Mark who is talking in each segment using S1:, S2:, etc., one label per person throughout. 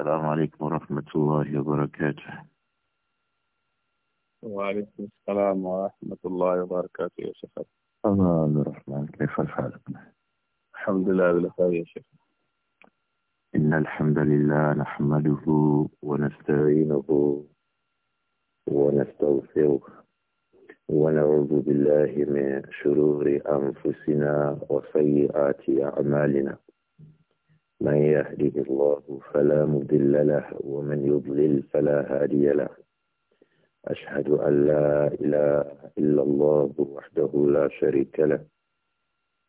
S1: السلام عليكم ورحمة الله وبركاته وعليكم السلام ورحمة الله وبركاته يا شيخ الله الرحمن كيف الحال الحمد لله بالخير يا شيخ إن الحمد لله نحمده ونستعينه ونستغفره ونعوذ بالله من شرور أنفسنا وسيئات أعمالنا من يهده الله فلا مضل له ومن يضلل فلا هادي له أشهد أن لا إله إلا الله وحده لا شريك له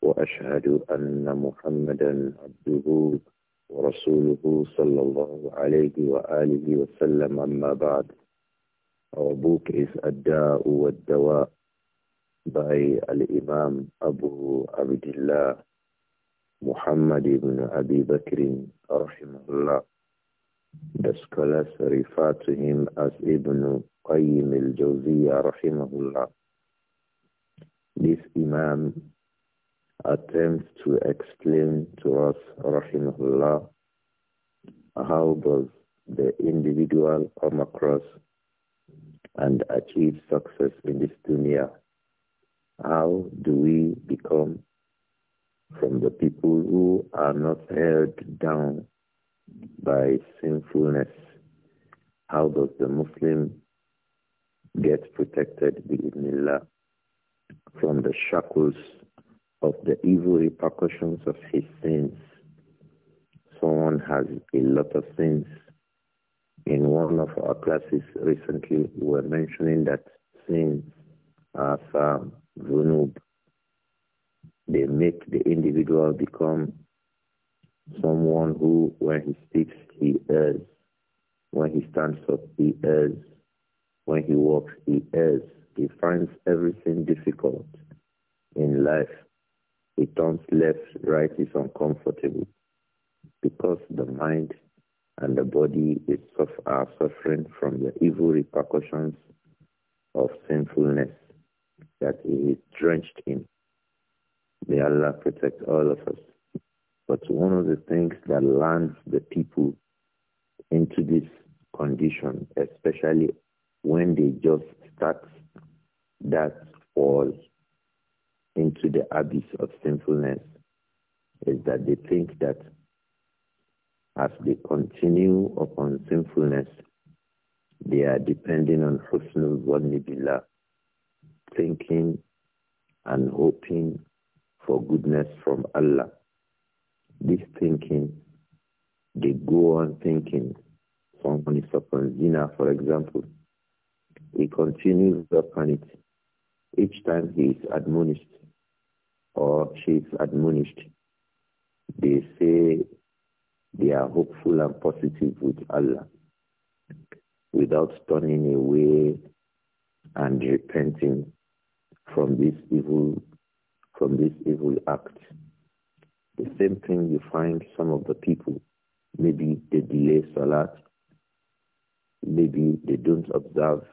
S1: وأشهد أن محمدا عبده ورسوله صلى الله عليه وآله وسلم أما بعد أبوك إذ الداء والدواء dau Ad-Dawa by Al-Imam Abu Abdullah Muhammad ibn Abi Bakr rahimahullah. The scholars refer to him as Ibn Qayyim al-Jawziyya rahimahullah. This Imam attempts to explain to us rahimahullah how does the individual come across and achieve success in this dunya? How do we become from the people who are not held down by sinfulness. How does the Muslim get protected, from the shackles of the evil repercussions of his sins? Someone has a lot of sins. In one of our classes recently, we were mentioning that sins are uh, zunub, they make the individual become someone who, when he speaks, he is. When he stands up, he is. When he walks, he is. He finds everything difficult in life. He turns left, right is uncomfortable because the mind and the body is are suffering from the evil repercussions of sinfulness that he is drenched in. May Allah protect all of us. But one of the things that lands the people into this condition, especially when they just start that fall into the abyss of sinfulness, is that they think that as they continue upon sinfulness, they are depending on Husnul Wadni Billah, thinking and hoping for goodness from Allah. This thinking, they go on thinking. Someone is upon zina, for example. He continues upon it. Each time he is admonished or she is admonished, they say they are hopeful and positive with Allah without turning away and repenting from this evil from this evil act. The same thing you find some of the people, maybe they delay salat, maybe they don't observe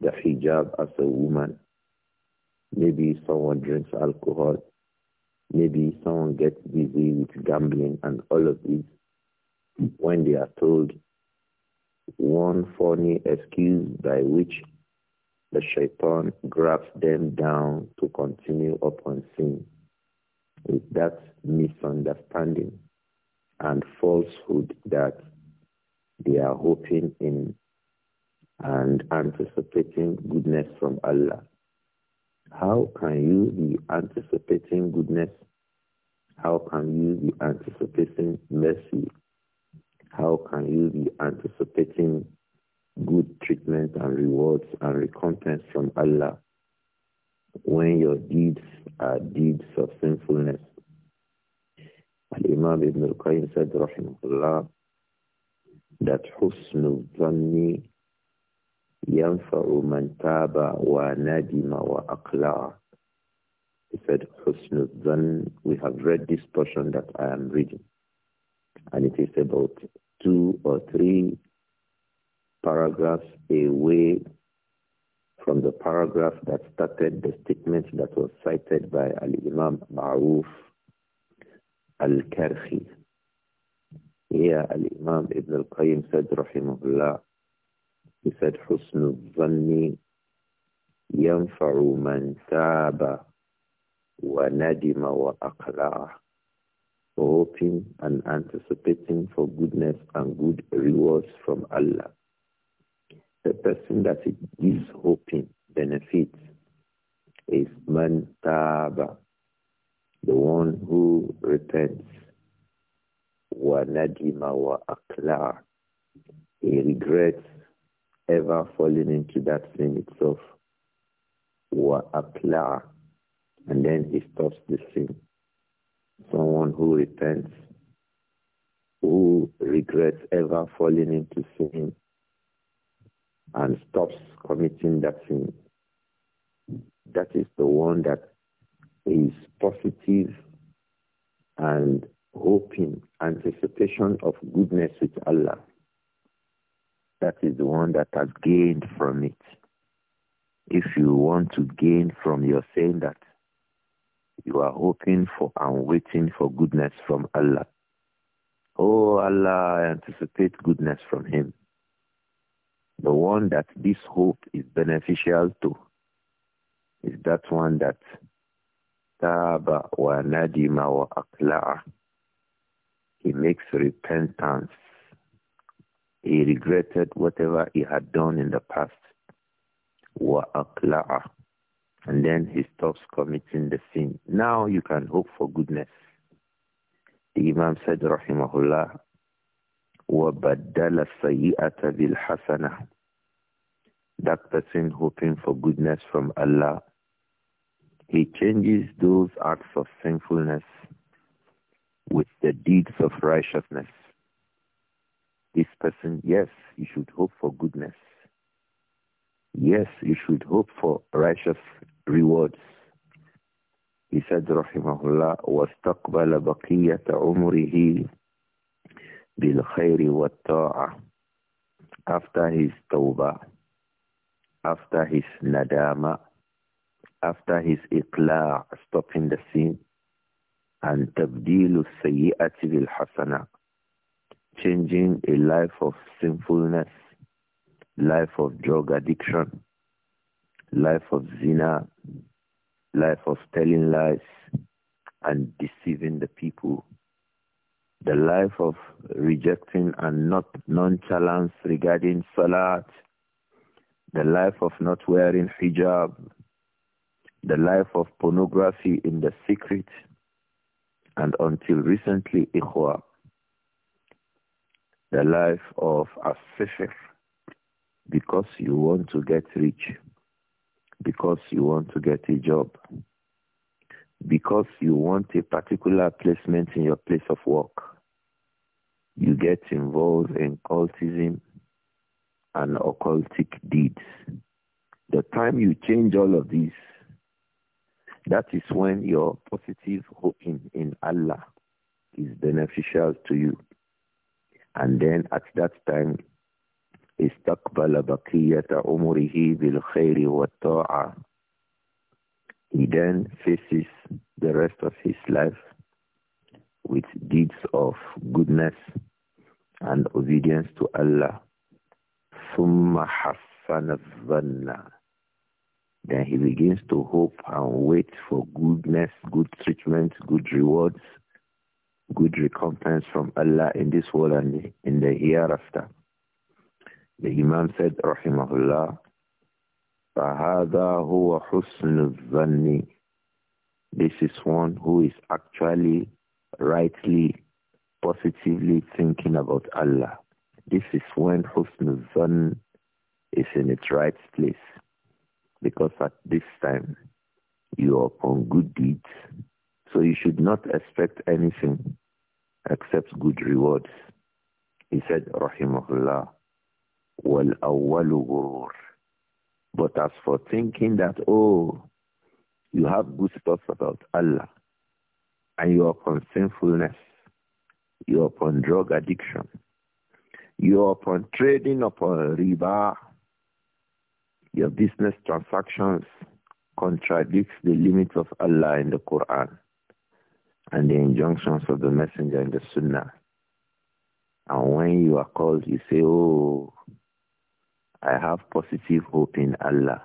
S1: the hijab as a woman, maybe someone drinks alcohol, maybe someone gets busy with gambling and all of these. When they are told one funny excuse by which the shaitan grabs them down to continue upon sin with that misunderstanding and falsehood that they are hoping in and anticipating goodness from Allah. How can you be anticipating goodness? How can you be anticipating mercy? How can you be anticipating good treatment and rewards and recompense from Allah when your deeds are deeds of sinfulness. Al-Imam Ibn al-Qayyim said, rahimahullah, that husnul zanni yanfa'u man taba wa nadima wa aqla'a. He said, husnul zann, we have read this portion that I am reading. And it is about two or three paragraphs away from the paragraph that started the statement that was cited by Al-Imam Ma'ruf Al-Karhi. Here Al-Imam Ibn Al-Qayyim said, Rahimahullah, he said, حُسْنُ الظَّنِّ يَنْفَعُ مَنْ تَابَ وَنَدِمَ وَأَقْلَعَ Hoping and anticipating for goodness and good rewards from Allah the person that it gives benefits is man the one who repents, wa nadima wa akla. He regrets ever falling into that sin itself, wa akla, and then he stops the sin. Someone who repents, who regrets ever falling into sin, and stops committing that sin. That is the one that is positive and hoping, anticipation of goodness with Allah. That is the one that has gained from it. If you want to gain from your saying that you are hoping for and waiting for goodness from Allah. Oh Allah, I anticipate goodness from him. The one that this hope is beneficial to is that one that taba wa nadima wa akla'a. He makes repentance. He regretted whatever he had done in the past. Wa akla'a. And then he stops committing the sin. Now you can hope for goodness. The Imam said, Rahimahullah, وَبَدَّلَ السَّيِّئَةَ بِالْحَسَنَةِ That person hoping for goodness from Allah, he changes those acts of sinfulness with the deeds of righteousness. This person, yes, you should hope for goodness. Yes, you should hope for righteous rewards. He said, رحمه الله, وَاسْتَقْبَلَ بَقِيَّةَ عُمُرِهِ bil khairi wa ta'ah after his tawbah, after his nadama, after his iqla' stopping the sin, and tabdilu sayyi'ati bil hasana, changing a life of sinfulness, life of drug addiction, life of zina, life of telling lies and deceiving the people the life of rejecting and not nonchalance regarding salat, the life of not wearing hijab, the life of pornography in the secret, and until recently, ikhwa, the life of asfishir, because you want to get rich, because you want to get a job, because you want a particular placement in your place of work you get involved in cultism and occultic deeds. The time you change all of these, that is when your positive hoping in Allah is beneficial to you. And then at that time, استقبل بقية عمره بالخير والطاعة. He then faces the rest of his life with deeds of goodness and obedience to Allah. summa حَسَّنَ Then he begins to hope and wait for goodness, good treatment, good rewards, good recompense from Allah in this world and in the hereafter. The Imam said, Rahimahullah, فَهَذَا هُوَ حُسْنُ الظَّنِّ This is one who is actually rightly, positively thinking about Allah. This is when Husnul Zan is in its right place. Because at this time, you are upon good deeds. So you should not expect anything except good rewards. He said, Rahimahullah, wal awwalu But as for thinking that, oh, you have good thoughts about Allah, and you are upon sinfulness, you are upon drug addiction, you are upon trading upon riba, your business transactions contradicts the limits of Allah in the Quran and the injunctions of the Messenger in the Sunnah. And when you are called, you say, oh, I have positive hope in Allah.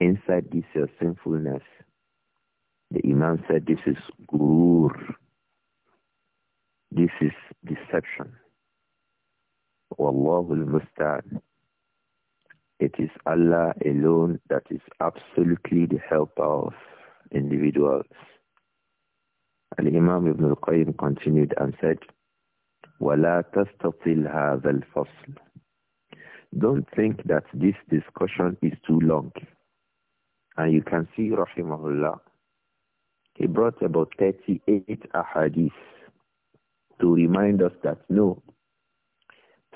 S1: Inside this your sinfulness, the Imam said this is gurur. This is deception. Wallahul musta'an. It is Allah alone that is absolutely the helper of individuals. The imam Ibn al continued and said, وَلَا تَسْتَطِلْ هَذَا الْفَصْلِ Don't think that this discussion is too long. And you can see, rahimahullah, he brought about 38 ahadith to remind us that no,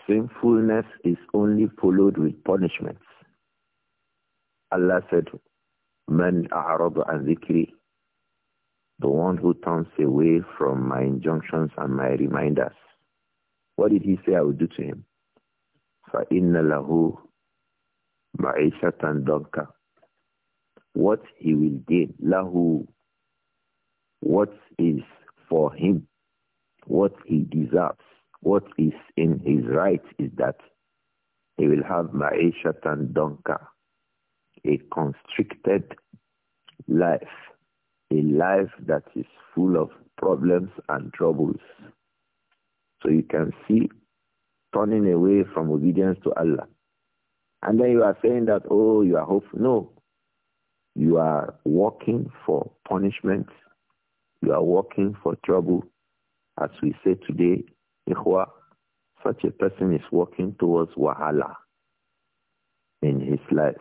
S1: sinfulness is only followed with punishments. Allah said, Man a'radu an dhikri, the one who turns away from my injunctions and my reminders. What did he say I would do to him? فَإِنَّ لَهُ مَعِيشَةً ضَنْكَ What he will gain, lahu what is for him, what he deserves, what is in his right is that he will have ma'ishatan donka, a constricted life, a life that is full of problems and troubles. So you can see turning away from obedience to Allah. And then you are saying that, oh, you are hopeful. No. You are working for punishment you are walking for trouble. As we say today, Ikhwa, such a person is walking towards wahala in his life.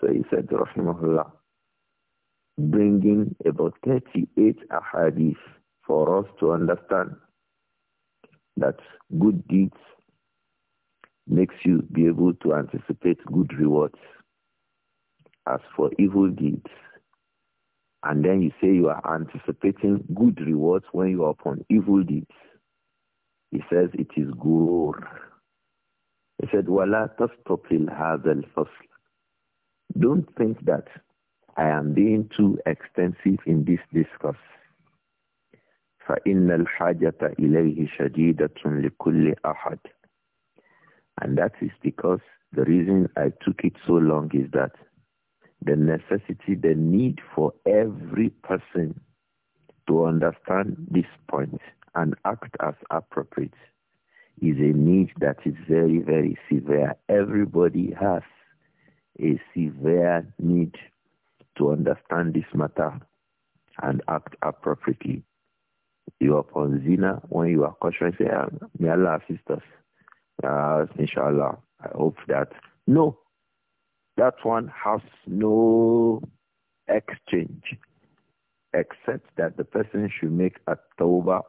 S1: So he said, Rahimahullah, bringing about 38 ahadith for us to understand that good deeds makes you be able to anticipate good rewards. As for evil deeds, and then you say you are anticipating good rewards when you are upon evil deeds. He says it is gur. He said, Wala tastopil hadal fasl. Don't think that I am being too extensive in this discourse. فَإِنَّ الْحَاجَةَ إِلَيْهِ شَدِيدَةٌ لِكُلِّ أَحَدٍ And that is because the reason I took it so long is that the necessity, the need for every person to understand this point and act as appropriate is a need that is very, very severe. Everybody has a severe need to understand this matter and act appropriately. You are upon zina when you are conscious, say, ah, may Allah assist us. Uh, inshallah, I hope that. No, that one has no exchange except that the person should make a tawbah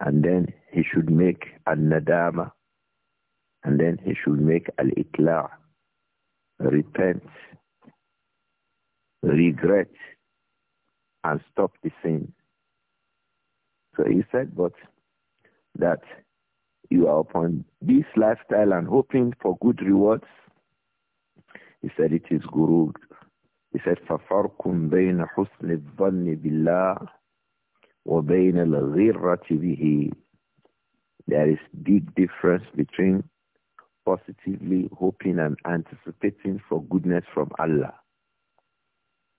S1: and then he should make a nadama and then he should make al-itla, repent, regret, and stop the sin. So he said, but that you are upon this lifestyle and hoping for good rewards, he said it is good. He said, بَيْنَ حُسْنِ الظَّنِّ بِاللَّهِ وَبَيْنَ الْغِرَّةِ بِهِ There is big difference between positively hoping and anticipating for goodness from Allah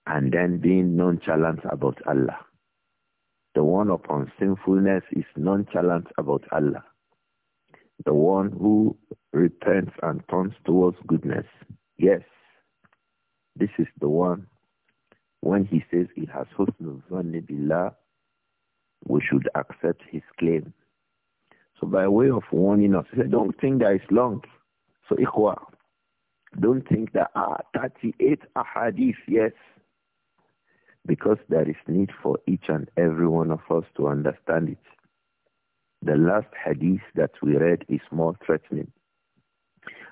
S1: and then being nonchalant about Allah. The one upon sinfulness is nonchalant about Allah. The one who repents and turns towards goodness Yes, this is the one. When he says he has husnul zanni billah, we should accept his claim. So by way of warning us, he said, don't think that it's long. So ikhwa, don't think that ah, 38 ahadith, yes. Because there is need for each and every one of us to understand it. The last hadith that we read is more threatening.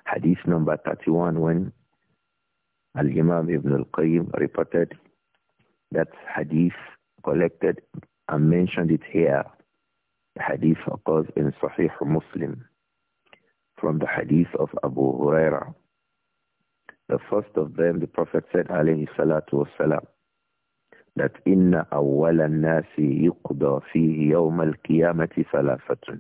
S1: Hadith number 31 when Al-Imam Ibn al-Qayyim reported that hadith collected and mentioned it here. The hadith occurs in Sahih Muslim from the hadith of Abu Huraira. The first of them, the Prophet said, alayhi salatu wasalam, that inna awwala nasi yuqda fihi yawm al-qiyamati salafatun.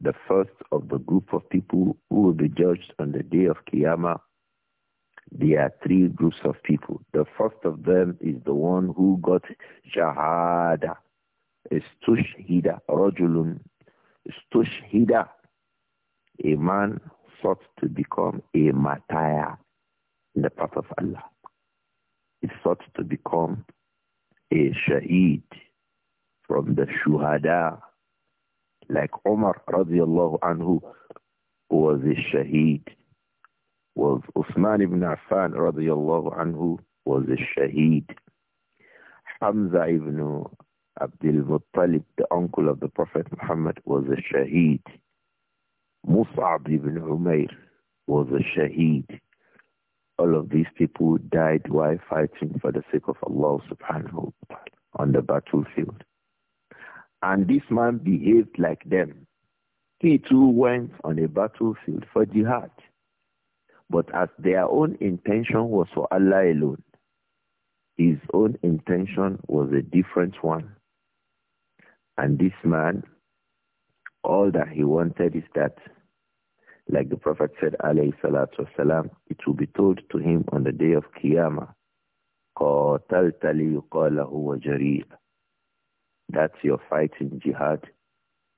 S1: The first of the group of people who will be judged on the day of Qiyamah there are three groups of people. The first of them is the one who got shahada, istushhida, rajulun, istushhida. A man sought to become a martyr in the path of Allah. He sought to become a shaheed from the shuhada, like Omar radiallahu anhu was a shaheed was Uthman ibn Affan radiallahu anhu was a shaheed. Hamza ibn Abdul Muttalib, the uncle of the Prophet Muhammad, was a shaheed. Mus'ab ibn Umair was a shaheed. All of these people died while fighting for the sake of Allah subhanahu wa ta'ala on the battlefield. And this man behaved like them. He too went on a battlefield for jihad. But as their own intention was for Allah alone, his own intention was a different one. And this man, all that he wanted is that, like the Prophet said, alayhi salatu wasalam, it will be told to him on the day of Qiyamah, قَاتَلْتَ That's your fight in jihad.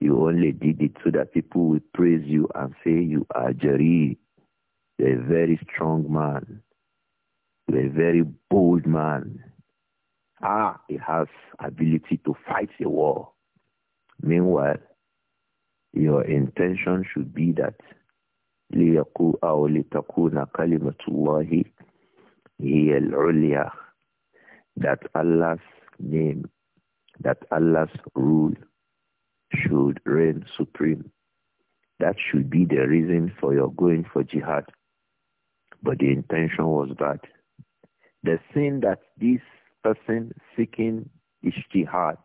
S1: You only did it so that people will praise you and say you are jari a very strong man. a very bold man. Ah, he has ability to fight a war. Meanwhile, your intention should be that ليقو أو لتكون كلمة الله هي العليا that Allah's name, that Allah's rule should reign supreme. That should be the reason for your going for jihad but the intention was bad. The sin that this person seeking ishtihad,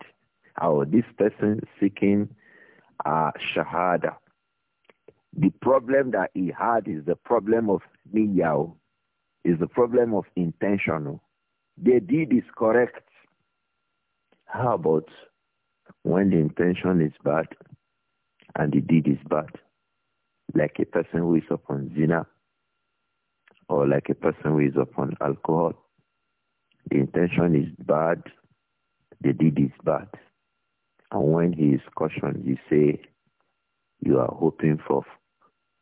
S1: or this person seeking uh, shahada, the problem that he had is the problem of niyao, oh. is the problem of intentional. Oh. The deed is correct. How about when the intention is bad and the deed is bad? Like a person who is upon zina or like a person who is upon alcohol. The intention is bad, the deed is bad. And when he is cautioned, you say, you are hoping for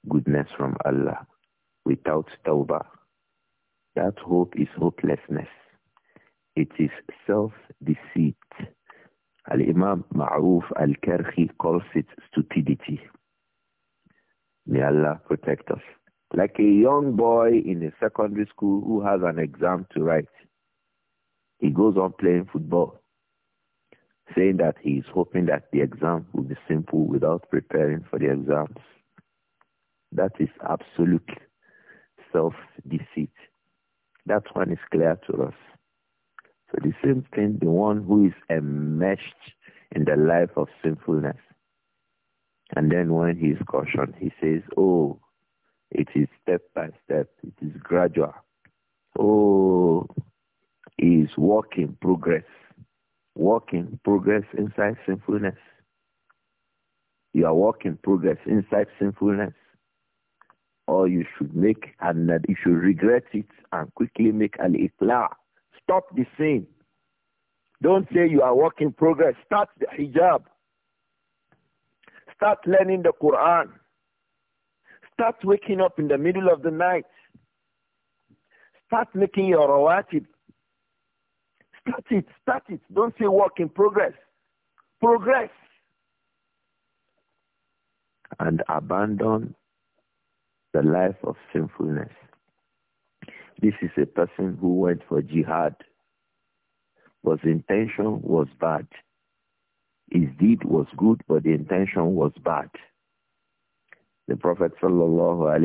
S1: goodness from Allah without tawbah. That hope is hopelessness. It is self-deceit. Al-Imam Ma'ruf al-Karhi calls it stupidity. May Allah protect us. Like a young boy in a secondary school who has an exam to write, he goes on playing football, saying that he is hoping that the exam will be simple without preparing for the exams. That is absolute self-deceit. That one is clear to us. So the same thing, the one who is enmeshed in the life of sinfulness. And then when he is cautioned, he says, oh, it is step by step. It is gradual. Oh, it is work in progress. Work in progress inside sinfulness. You are work in progress inside sinfulness. Or you should make and you should regret it and quickly make an ikla. Stop the sin. Don't say you are work in progress. Start the hijab. Start learning the Quran. Start waking up in the middle of the night. Start making your rawatib. Start it, start it. Don't say work in progress. Progress. And abandon the life of sinfulness. This is a person who went for jihad. His intention was bad. His deed was good, but the intention was bad. The Prophet sallallahu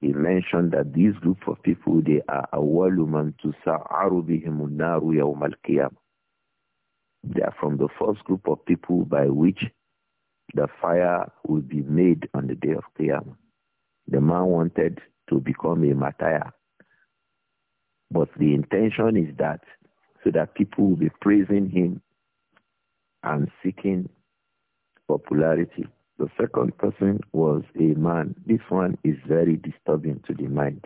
S1: he mentioned that these group of people, they are awalu man tusa'aru bihimun naru yawm al They are from the first group of people by which the fire will be made on the day of Qiyamah. The man wanted to become a martyr. But the intention is that so that people will be praising him and seeking popularity. The second person was a man. This one is very disturbing to the mind.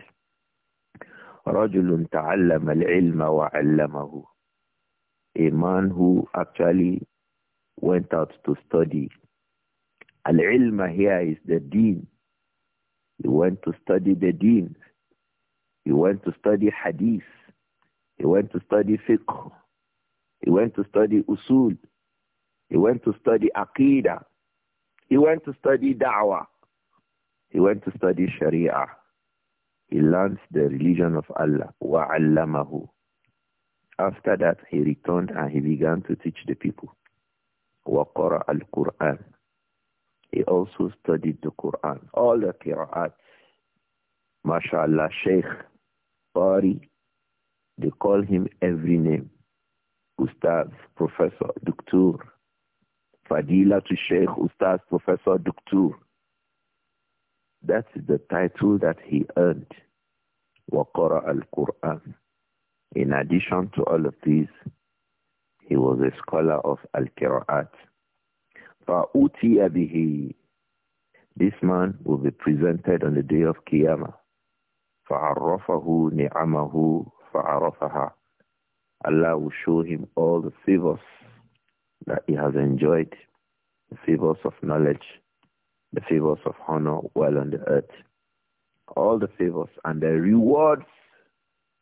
S1: رجل تعلم العلم وعلمه a man who actually went out to study. الْعِلْمَ is the deen. He went to study the deen. He went to study hadith. He went to study fiqh. He went to study usul. He went to study Aqidah. He went to study Da'wah. He went to study Sharia. He learned the religion of Allah. وَعَلَّمَهُ After that, he returned and he began to teach the people. al-Quran. He also studied the Quran. All the Qira'at. MashaAllah, Sheikh, Qari. They call him every name. Ustaz, Professor, Doctor. Fadila to Sheikh Ustaz Professor Duktur. That's the title that he earned. Waqara al-Quran. In addition to all of these, he was a scholar of al-Qira'at. Fa'utiya bihi. This man will be presented on the day of Qiyamah. فَعَرَّفَهُ نِعَمَهُ فَعَرَفَهَا Allah will show him all the favors that he has enjoyed the favors of knowledge, the favors of honor while on the earth, all the favors and the rewards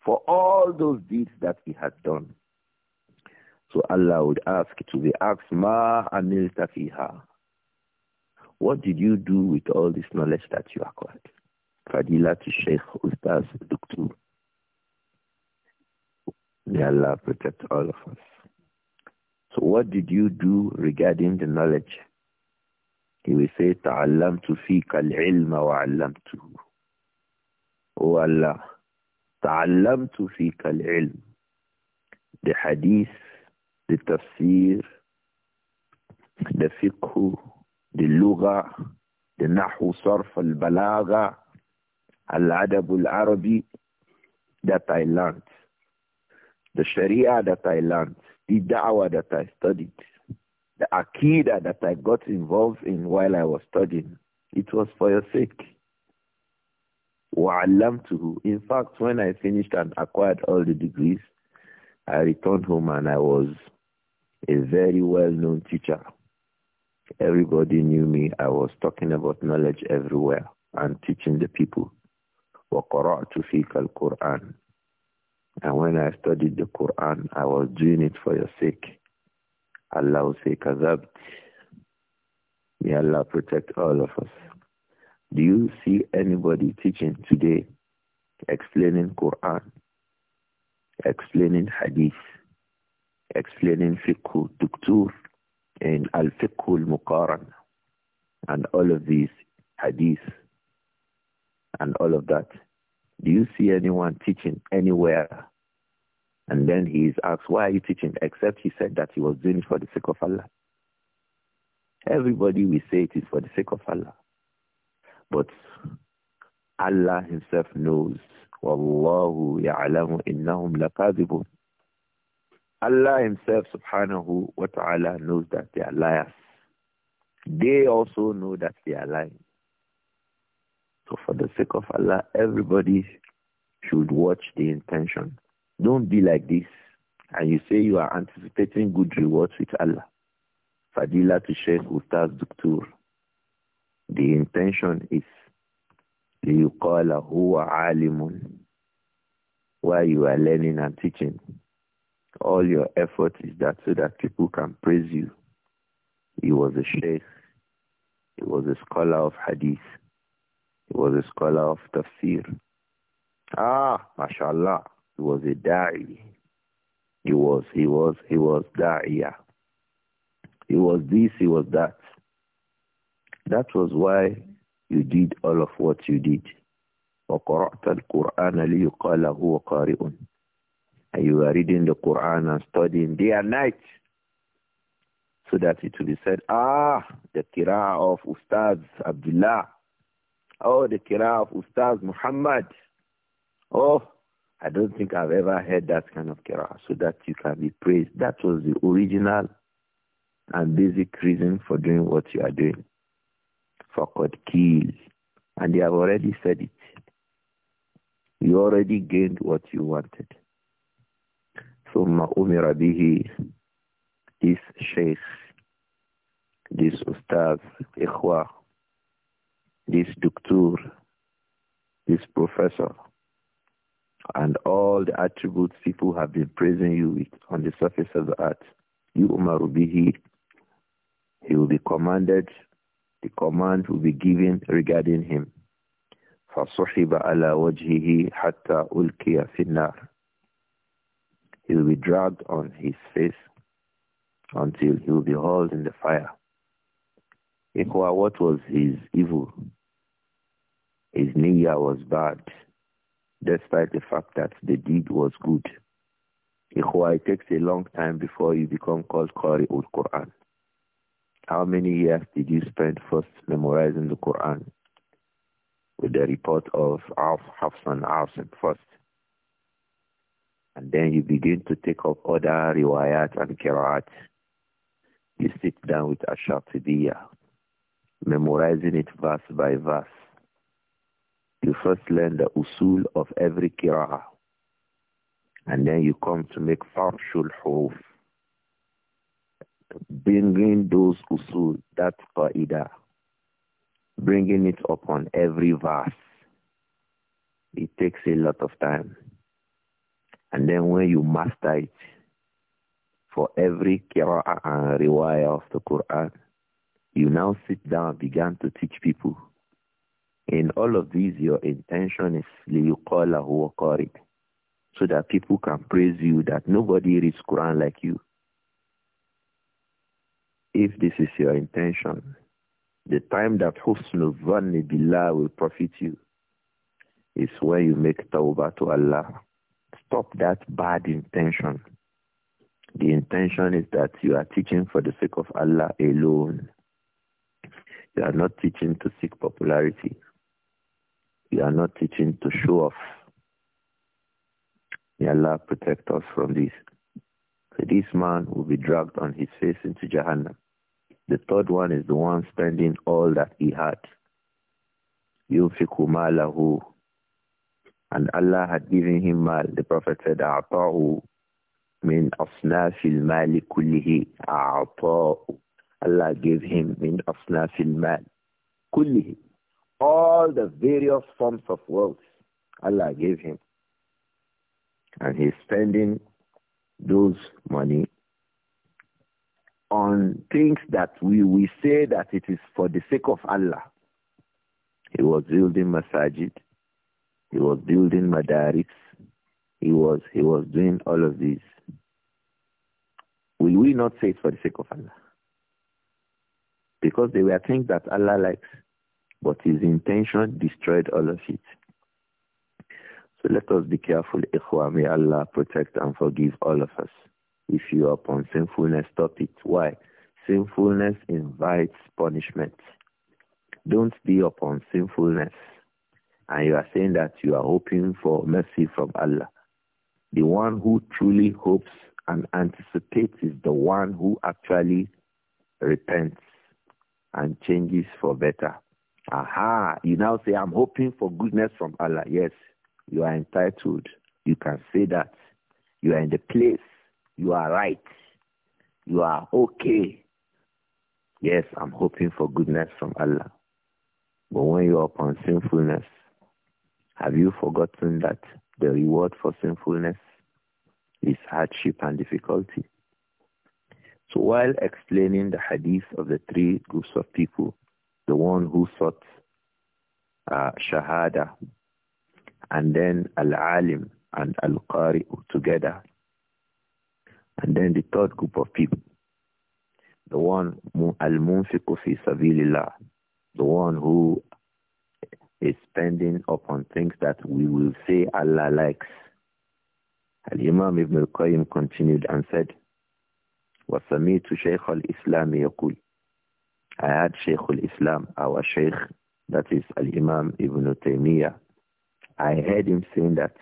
S1: for all those deeds that he had done. So Allah would ask to be asked, Ma anilta fiha. What did you do with all this knowledge that you acquired? Fadila to Sheikh Ustaz Duktur. May Allah protect all of us. So what did you do regarding the knowledge? He will say, تَعَلَّمْتُ فِيكَ الْعِلْمَ وَعَلَّمْتُهُ O Allah, تَعَلَّمْتُ فِيكَ الْعِلْمَ The hadith, the tafsir, the fiqh, the lugha, the nahu, sarf, al-balagha, al-adab al-arabi that I learned, the sharia that I learned, the dawa that I studied, the akida that I got involved in while I was studying, it was for your sake. وَعَلَّمْتُهُ In fact, when I finished and acquired all the degrees, I returned home and I was a very well-known teacher. Everybody knew me. I was talking about knowledge everywhere and teaching the people. وَقَرَأْتُ فِيكَ الْقُرْآنِ and when I studied the Quran, I was doing it for your sake. Allah will say, Kazab. May Allah protect all of us. Do you see anybody teaching today, explaining Quran, explaining Hadith, explaining Fiqh Duktur and Al-Fiqh Al-Muqaran and all of these Hadith and all of that? Do you see anyone teaching anywhere? And then he is asked, why are you teaching? Except he said that he was doing it for the sake of Allah. Everybody will say it is for the sake of Allah. But Allah himself knows. Wallahu ya'lamu innahum lakadibun. Allah himself subhanahu wa ta'ala knows that they are liars. They also know that they are lying. So for the sake of Allah, everybody should watch the intention. Don't be like this. And you say you are anticipating good rewards with Allah. Fadila to Sheikh Ustaz Duktur. The intention is لِيُقَالَ هُوَ alimun, While you are learning and teaching, all your effort is that so that people can praise you. He was a sheikh. He was a scholar of hadith was a scholar of tafsir. Ah, mashallah. He was a da'i. He was, he was, he was da'iya. He was this, he was that. That was why you did all of what you did. وقرأت القرآن ليقال هو قارئ and you are reading the Quran and studying day and night so that it will be said, ah, the Qira of Ustaz Abdullah Oh, the Qira of Ustaz Muhammad. Oh, I don't think I've ever heard that kind of Qira, so that you can be praised. That was the original and basic reason for doing what you are doing. for Fakot kills. And they have already said it. You already gained what you wanted. So Umira bihi, this sheikh, this ustaz, ikhwah, this doctor, this professor, and all the attributes people have been praising you with on the surface of the earth. You, Umar, will be here. He will be commanded. The command will be given regarding him. فصحب على وجهه حتى ألقي في النار. He will be dragged on his face until he will be hauled in the fire. Ikwa, what was his evil? His niyyah was bad, despite the fact that the deed was good. Ikwa, it takes a long time before you become called Qari ul Quran. How many years did you spend first memorizing the Quran? With the report of Alf, Hafsan, Asim first. And then you begin to take up other riwayat and kiraat. You sit down with Ashatibiyah, memorizing it verse by verse. You first learn the usul of every qira'ah. And then you come to make farshul huruf. Bringing those usul, that qaida, bringing it upon every verse, it takes a lot of time. And then when you master it, for every qira'ah and riwayah of the Quran, you now sit down, began to teach people. In all of these, your intention is liyuqalahu waqarid, so that people can praise you, that nobody reads Quran like you. If this is your intention, the time that husnul dhanni billah will profit you is when you make tawbah to Allah. Stop that bad intention. The intention is that you are teaching for the sake of Allah alone. We are not teaching to seek popularity. We are not teaching to show off. May Allah protect us from this. So this man will be dragged on his face into Jahannam. The third one is the one spending all that he had. Yufiku malahu. And Allah had given him mal. The Prophet said, A'ta'u min asnafil mali kullihi. A'ta'u Allah gave him min asnafil man. kullihi. All the various forms of wealth Allah gave him. And he's spending those money on things that we, we say that it is for the sake of Allah. He was building masajid. He was building madaris. He was, he was doing all of these. Will we not say it for the sake of Allah? because they were things that Allah likes, but his intention destroyed all of it. So let us be careful, Ikhwa. May Allah protect and forgive all of us. If you are upon sinfulness, stop it. Why? Sinfulness invites punishment. Don't be upon sinfulness. And you are saying that you are hoping for mercy from Allah. The one who truly hopes and anticipates is the one who actually repents and changes for better. Aha, you now say, I'm hoping for goodness from Allah. Yes, you are entitled. You can say that. You are in the place. You are right. You are okay. Yes, I'm hoping for goodness from Allah. But when you are upon sinfulness, have you forgotten that the reward for sinfulness is hardship and difficulty? So while explaining the hadith of the three groups of people, the one who sought uh, Shahada and then Al-Alim and Al-Qari together, and then the third group of people, the one Al-Munfiqu fi Sabilillah, the one who is spending upon things that we will say Allah likes. Al-Imam Ibn al-Qayyim continued and said, وسميت شيخ الإسلام يقول I had شيخ الإسلام our شيخ that is Al-Imam Ibn Taymiyyah I heard him saying that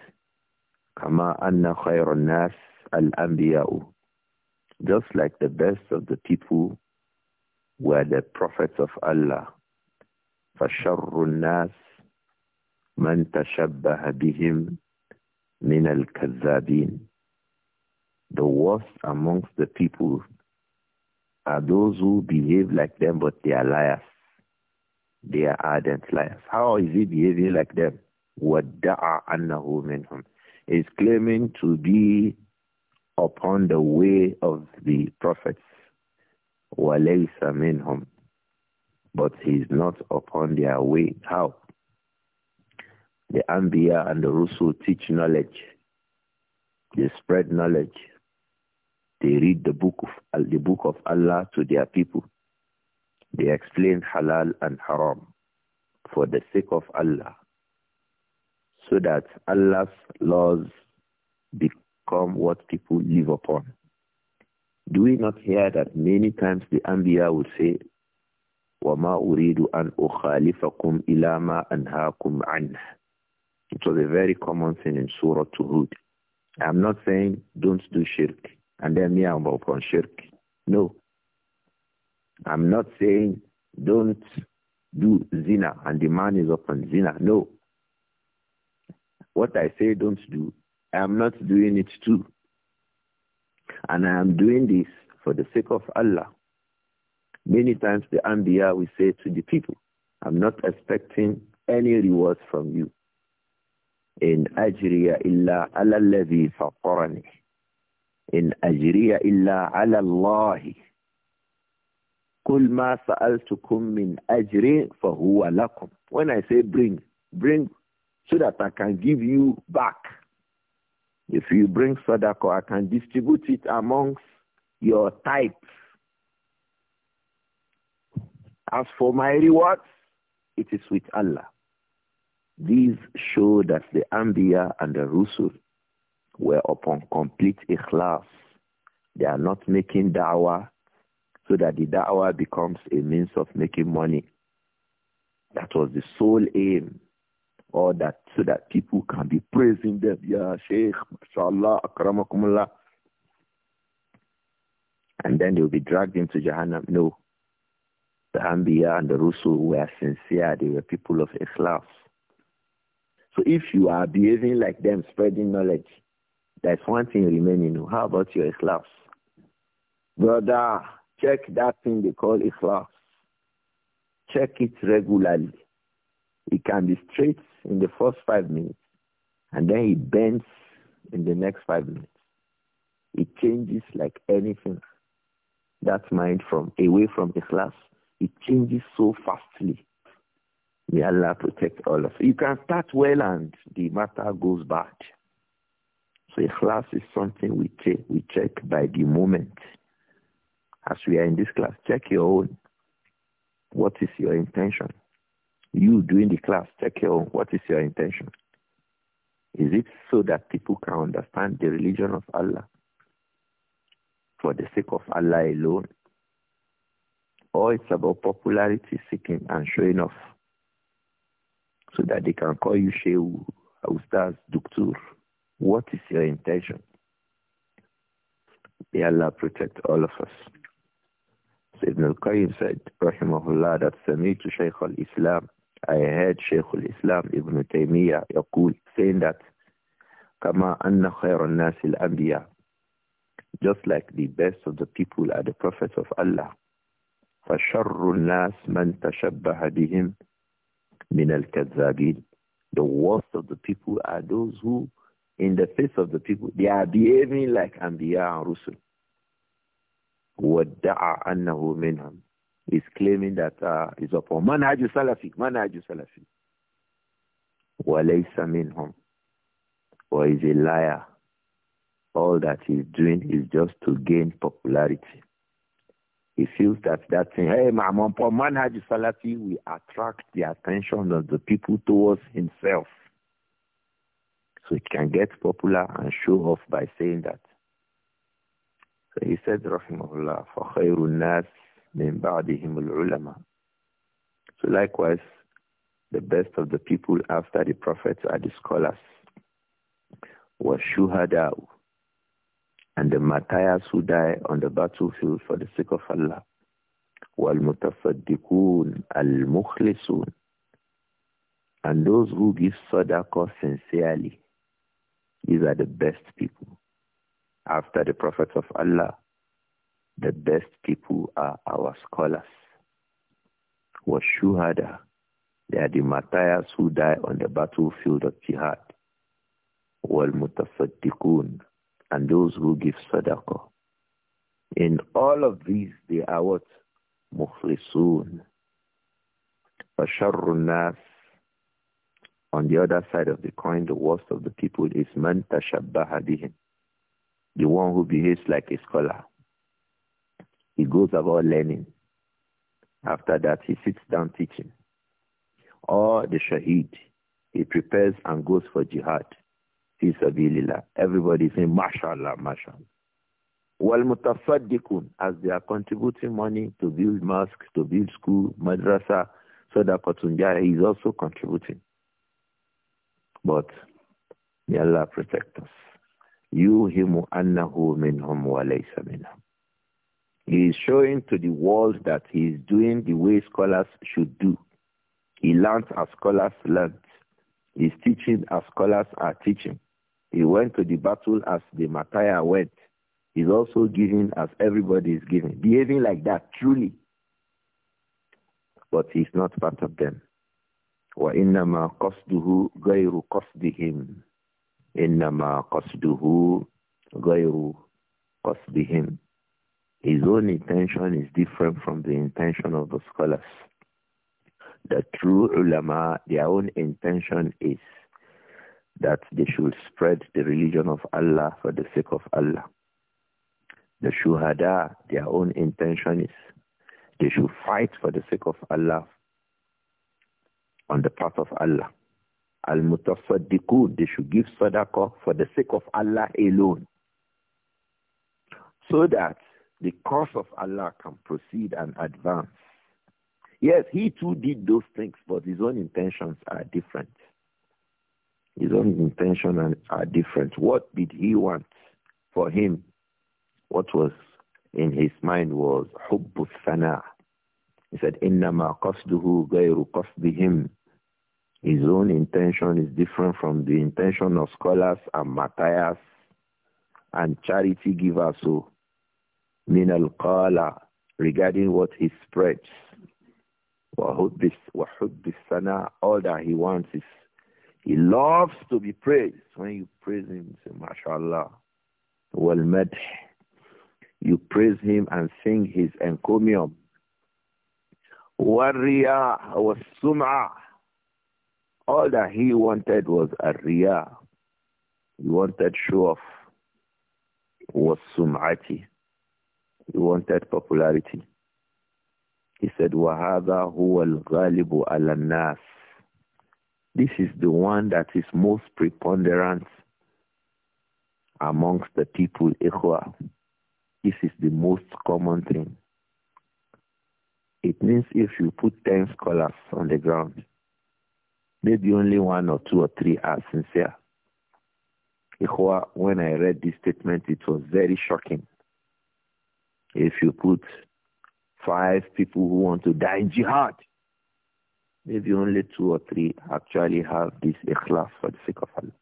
S1: كما أن خير الناس الأنبياء just like the best of the people were the prophets of Allah فشر الناس من تشبه بهم من الكذابين The worst amongst the people are those who behave like them, but they are liars. They are ardent liars. How is he behaving like them? وَدَّعَ أَنَّهُ مِنْهُمْ Is claiming to be upon the way of the prophets. But he is not upon their way. How? The Anbiya and the Rusul teach knowledge. They spread knowledge. They read the book of the book of Allah to their people. They explain halal and haram for the sake of Allah, so that Allah's laws become what people live upon. Do we not hear that many times the Anbiya would say, وَمَا أُرِيدُ أَنْ أُخَالِفَكُمْ إِلَى مَا أَنْهَاكُمْ عَنْهُ It was a very common thing in Surah Tuhud. I'm not saying don't do shirk and then me, I'm upon shirk. No. I'm not saying don't do zina and the man is upon zina. No. What I say don't do, I am not doing it too. And I am doing this for the sake of Allah. Many times the Anbiya will say to the people, I'm not expecting any rewards from you. In Ajriya illa ala alladhi faqarani. إن أجري إلا على الله كل ما سألتكم من أجر فهو لكم When I say bring, bring so that I can give you back. If you bring sadaqah, I can distribute it amongst your types. As for my rewards, it is with Allah. These show that the Ambiya and the Rusul, Whereupon upon complete ikhlas. They are not making da'wah so that the da'wah becomes a means of making money. That was the sole aim. Or that so that people can be praising them. Ya Sheikh, mashallah, akramakumullah. And then they'll be dragged into Jahannam. No. The Anbiya and the Rusul were sincere. They were people of ikhlas. So if you are behaving like them, spreading knowledge, there's one thing remaining. How about your Islam? Brother, check that thing they call Islam. Check it regularly. It can be straight in the first five minutes, and then it bends in the next five minutes. It changes like anything. That mind from away from Islam, it changes so fastly. May Allah protect all of you. You can start well and the matter goes bad. So ikhlas is something we check, we check by the moment. As we are in this class, check your own. What is your intention? You doing the class, check your own. What is your intention? Is it so that people can understand the religion of Allah for the sake of Allah alone? Or it's about popularity seeking and showing off so that they can call you Shehu, Ustaz, Duktur, what is your intention? May Allah protect all of us. So Ibn al-Qayyim said, Rahimahullah, that Samitu Shaykh al-Islam, I heard Shaykh al-Islam Ibn Taymiyyah Yaqul saying that, Kama anna khayra nas al just like the best of the people are the prophets of Allah. فَشَرُّ النَّاسِ مَنْ تَشَبَّهَ بِهِمْ مِنَ الْكَذَّابِينَ The worst of the people are those who in the face of the people. They are behaving like Anbiya and Rusul. وَدَّعَ أَنَّهُ مِنْهُمْ Is claiming that uh, is upon manhaj salafi, manhaj salafi. وَلَيْسَ مِنْهُمْ Or is a liar. All that he's doing is just to gain popularity. He feels that that thing, hey, Ma'amon, manhaj salafi will attract the attention of the people towards himself. So it can get popular and show off by saying that. So he said, Rahimahullah, فَخَيْرُ النَّاسِ مِنْ بَعْدِهِمُ So likewise, the best of the people after the prophets are the scholars. وَالشُّهَدَاءُ And the martyrs who die on the battlefield for the sake of Allah. وَالْمُتَصَدِّقُونَ الْمُخْلِصُونَ And those who give sadaqah sincerely these are the best people. After the prophets of Allah, the best people are our scholars. Washuhada, they are the martyrs who die on the battlefield of jihad. Wal-mutasaddiqun, and those who give sadaqah. In all of these, they are what? Mukhlisun. فَشَرُّ nas. On the other side of the coin, the worst of the people is man tashabbaha bihim, the one who behaves like a scholar. He goes about learning. After that, he sits down teaching. Or the shaheed, he prepares and goes for jihad. Fi sabilillah. Everybody saying, mashallah, mashallah. Wal mutasaddikun, as they are contributing money to build mosques, to build school, madrasa, so that he is also contributing. But may Allah protect us. يُوهِمُ أَنَّهُ مِنْهُمْ وَلَيْسَ مِنْهُمْ He is showing to the world that he is doing the way scholars should do. He learns as scholars learn. He's teaching as scholars are teaching. He went to the battle as the Messiah went. He's also giving as everybody is giving, behaving like that truly. But he's not part of them. وإنما قصده غير قصدهم إنما قصده غير قصدهم His own intention is different from the intention of the scholars. The true ulama, their own intention is that they should spread the religion of Allah for the sake of Allah. The shuhada, their own intention is they should fight for the sake of Allah on the path of Allah. Al-Mutasaddiqun, they should give sadaqah for the sake of Allah alone. So that the cause of Allah can proceed and advance. Yes, he too did those things, but his own intentions are different. His own intentions are different. What did he want for him? What was in his mind was حب الثناء. He said, إنما قصده غير قصدهم his own intention is different from the intention of scholars and Matthias and charity givers who min al regarding what he spreads. Wahuddis sana, all that he wants is he loves to be praised. When you praise him, say, MashaAllah. Well met. You praise him and sing his encomium. Warriya was sum'ah all that he wanted was a riyah. He wanted show off. Was sum'ati. He wanted popularity. He said, وَهَذَا هُوَ الْغَالِبُ al nas. This is the one that is most preponderant amongst the people, ikhwa. This is the most common thing. It means if you put 10 scholars on the ground, Maybe only one or two or three are sincere. Ikhwa, when I read this statement, it was very shocking. If you put five people who want to die in jihad, maybe only two or three actually have this ikhlas for the sake of Allah.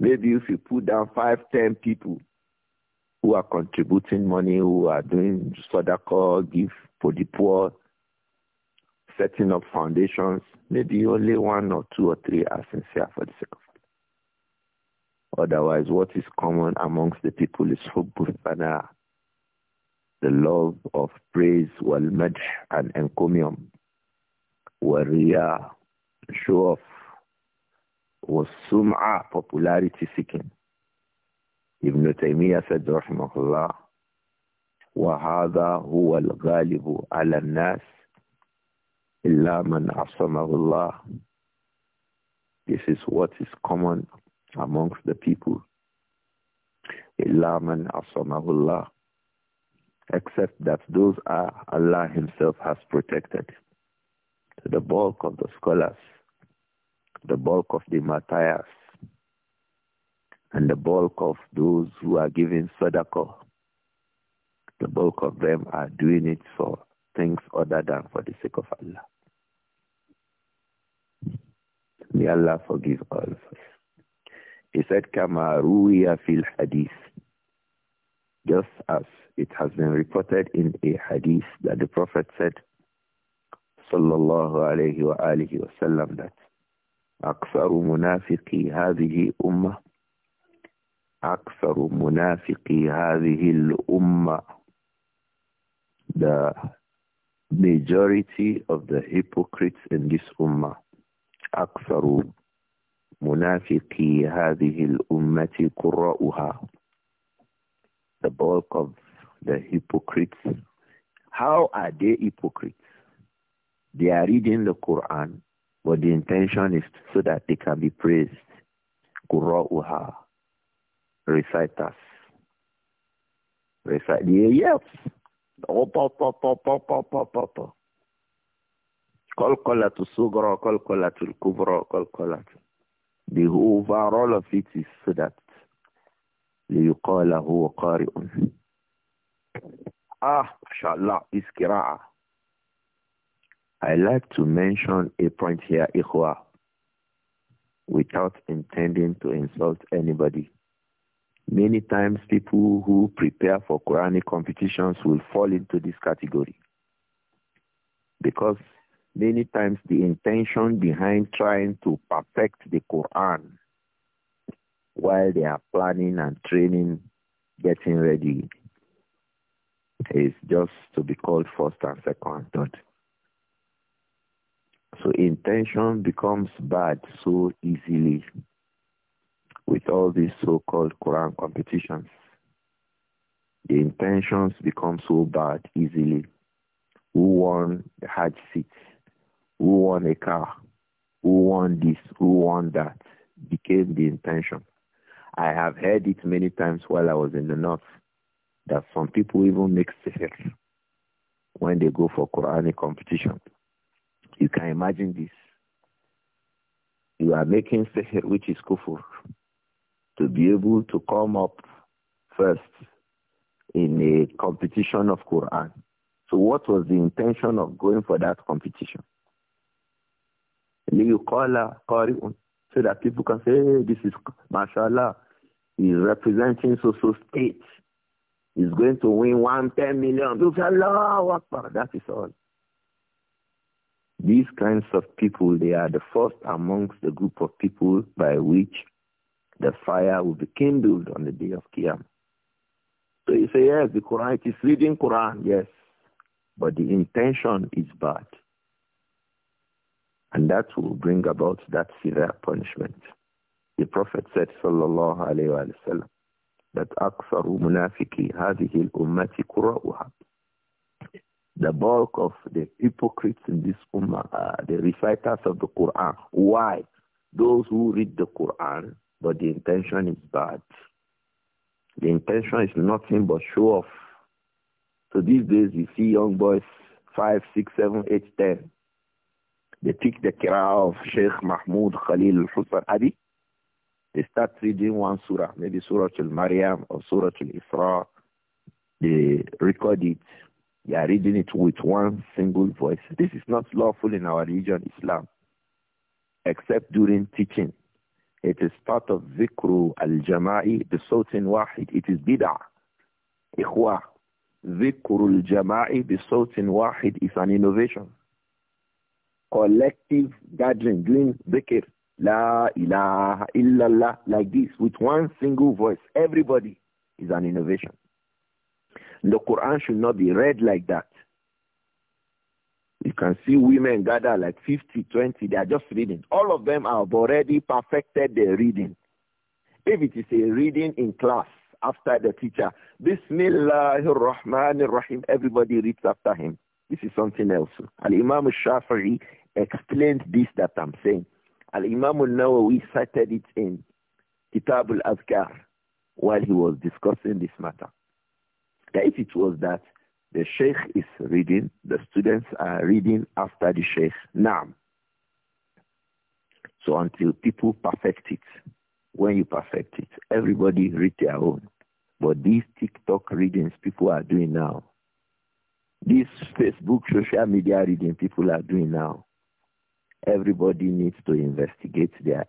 S1: Maybe if you put down five, ten people who are contributing money, who are doing sadaqah, give for the poor, setting up foundations, maybe only one or two or three are sincere for the sake of it. Otherwise, what is common amongst the people is hubbufana, the love of praise, wal madh and encomium, wal show off, was popularity seeking. Ibn Taymiyyah said, rahimahullah, وهذا هو الغالب على الناس إِلَّا مَنْ عَصَمَهُ This is what is common amongst the people. إِلَّا مَنْ عَصَمَهُ Except that those are Allah himself has protected. The bulk of the scholars, the bulk of the martyrs, and the bulk of those who are giving sadaqah, the bulk of them are doing it for things other than for the sake of Allah. May Allah forgive all of us. He said, Kama ruya fil hadith. Just as it has been reported in a hadith that the Prophet said, sallallahu alayhi wa alihi wa sallam, that أكثر منافقي هذه أمة أكثر منافقي هذه umma The majority of the hypocrites in this ummah أكثر منافقي هذه الأمة قراؤها the bulk of the hypocrites how are they hypocrites they are reading the Quran but the intention is so that they can be praised Recite reciters recite yes Qalqalatu sugra, qalqalatu kubra, qalqalatu. The overall of it is so that ليقال wa Qariun. Ah, mashallah, this kiraah. I like to mention a point here, ikhwa, without intending to insult anybody. Many times people who prepare for Quranic competitions will fall into this category because Many times the intention behind trying to perfect the Quran while they are planning and training, getting ready, is just to be called first and second and So intention becomes bad so easily with all these so-called Quran competitions. The intentions become so bad easily. Who won the Hajj seat? who won a car, who won this, who won that, became the intention. I have heard it many times while I was in the north that some people even make sihr when they go for Quranic competition. You can imagine this. You are making sihr, which is kufur, to be able to come up first in a competition of Quran. So what was the intention of going for that competition? liyuqala qari'un so that people can say, hey, this is mashallah, he's representing so-so state. He's going to win one ten million. People say, Allahu Akbar. That is all. These kinds of people, they are the first amongst the group of people by which the fire will be kindled on the day of Qiyam. So you say, yes, the Quran, it is reading Quran, yes. But the intention is bad. And that will bring about that severe punishment. The Prophet said, sallallahu alayhi wa sallam, that أكثر منافقي هذه الأمة كراؤها. The bulk of the hypocrites in this ummah are the reciters of the Quran. Why? Those who read the Quran, but the intention is bad. The intention is nothing but show off. So these days you see young boys, five, six, seven, eight, ten, they take the Quran of Sheikh Mahmoud Khalil al-Husar Abi. They start reading one surah, maybe Surah al-Maryam or Surah al-Isra. They record it. They are reading it with one single voice. This is not lawful in our religion, Islam, except during teaching. It is part of zikru al-jama'i Sultan wahid. It is bid'ah. Ikhwah, zikru al-jama'i Sultan wahid is an innovation collective gathering during dhikr. La ilaha illallah, like this, with one single voice. Everybody is an innovation. The Quran should not be read like that. You can see women gather like 50, 20, they are just reading. All of them have already perfected their reading. If it is a reading in class after the teacher, Bismillahir Rahmanir Rahim, everybody reads after him. This is something else. Al-Imam al-Shafi'i explained this that I'm saying. Al-Imam al-Nawawi cited it in Kitab al-Azkar while he was discussing this matter. If it was that the sheikh is reading, the students are reading after the sheikh. Naam. So until people perfect it, when you perfect it, everybody read their own. But these TikTok readings people are doing now, this Facebook social media reading people are doing now, everybody needs to investigate their,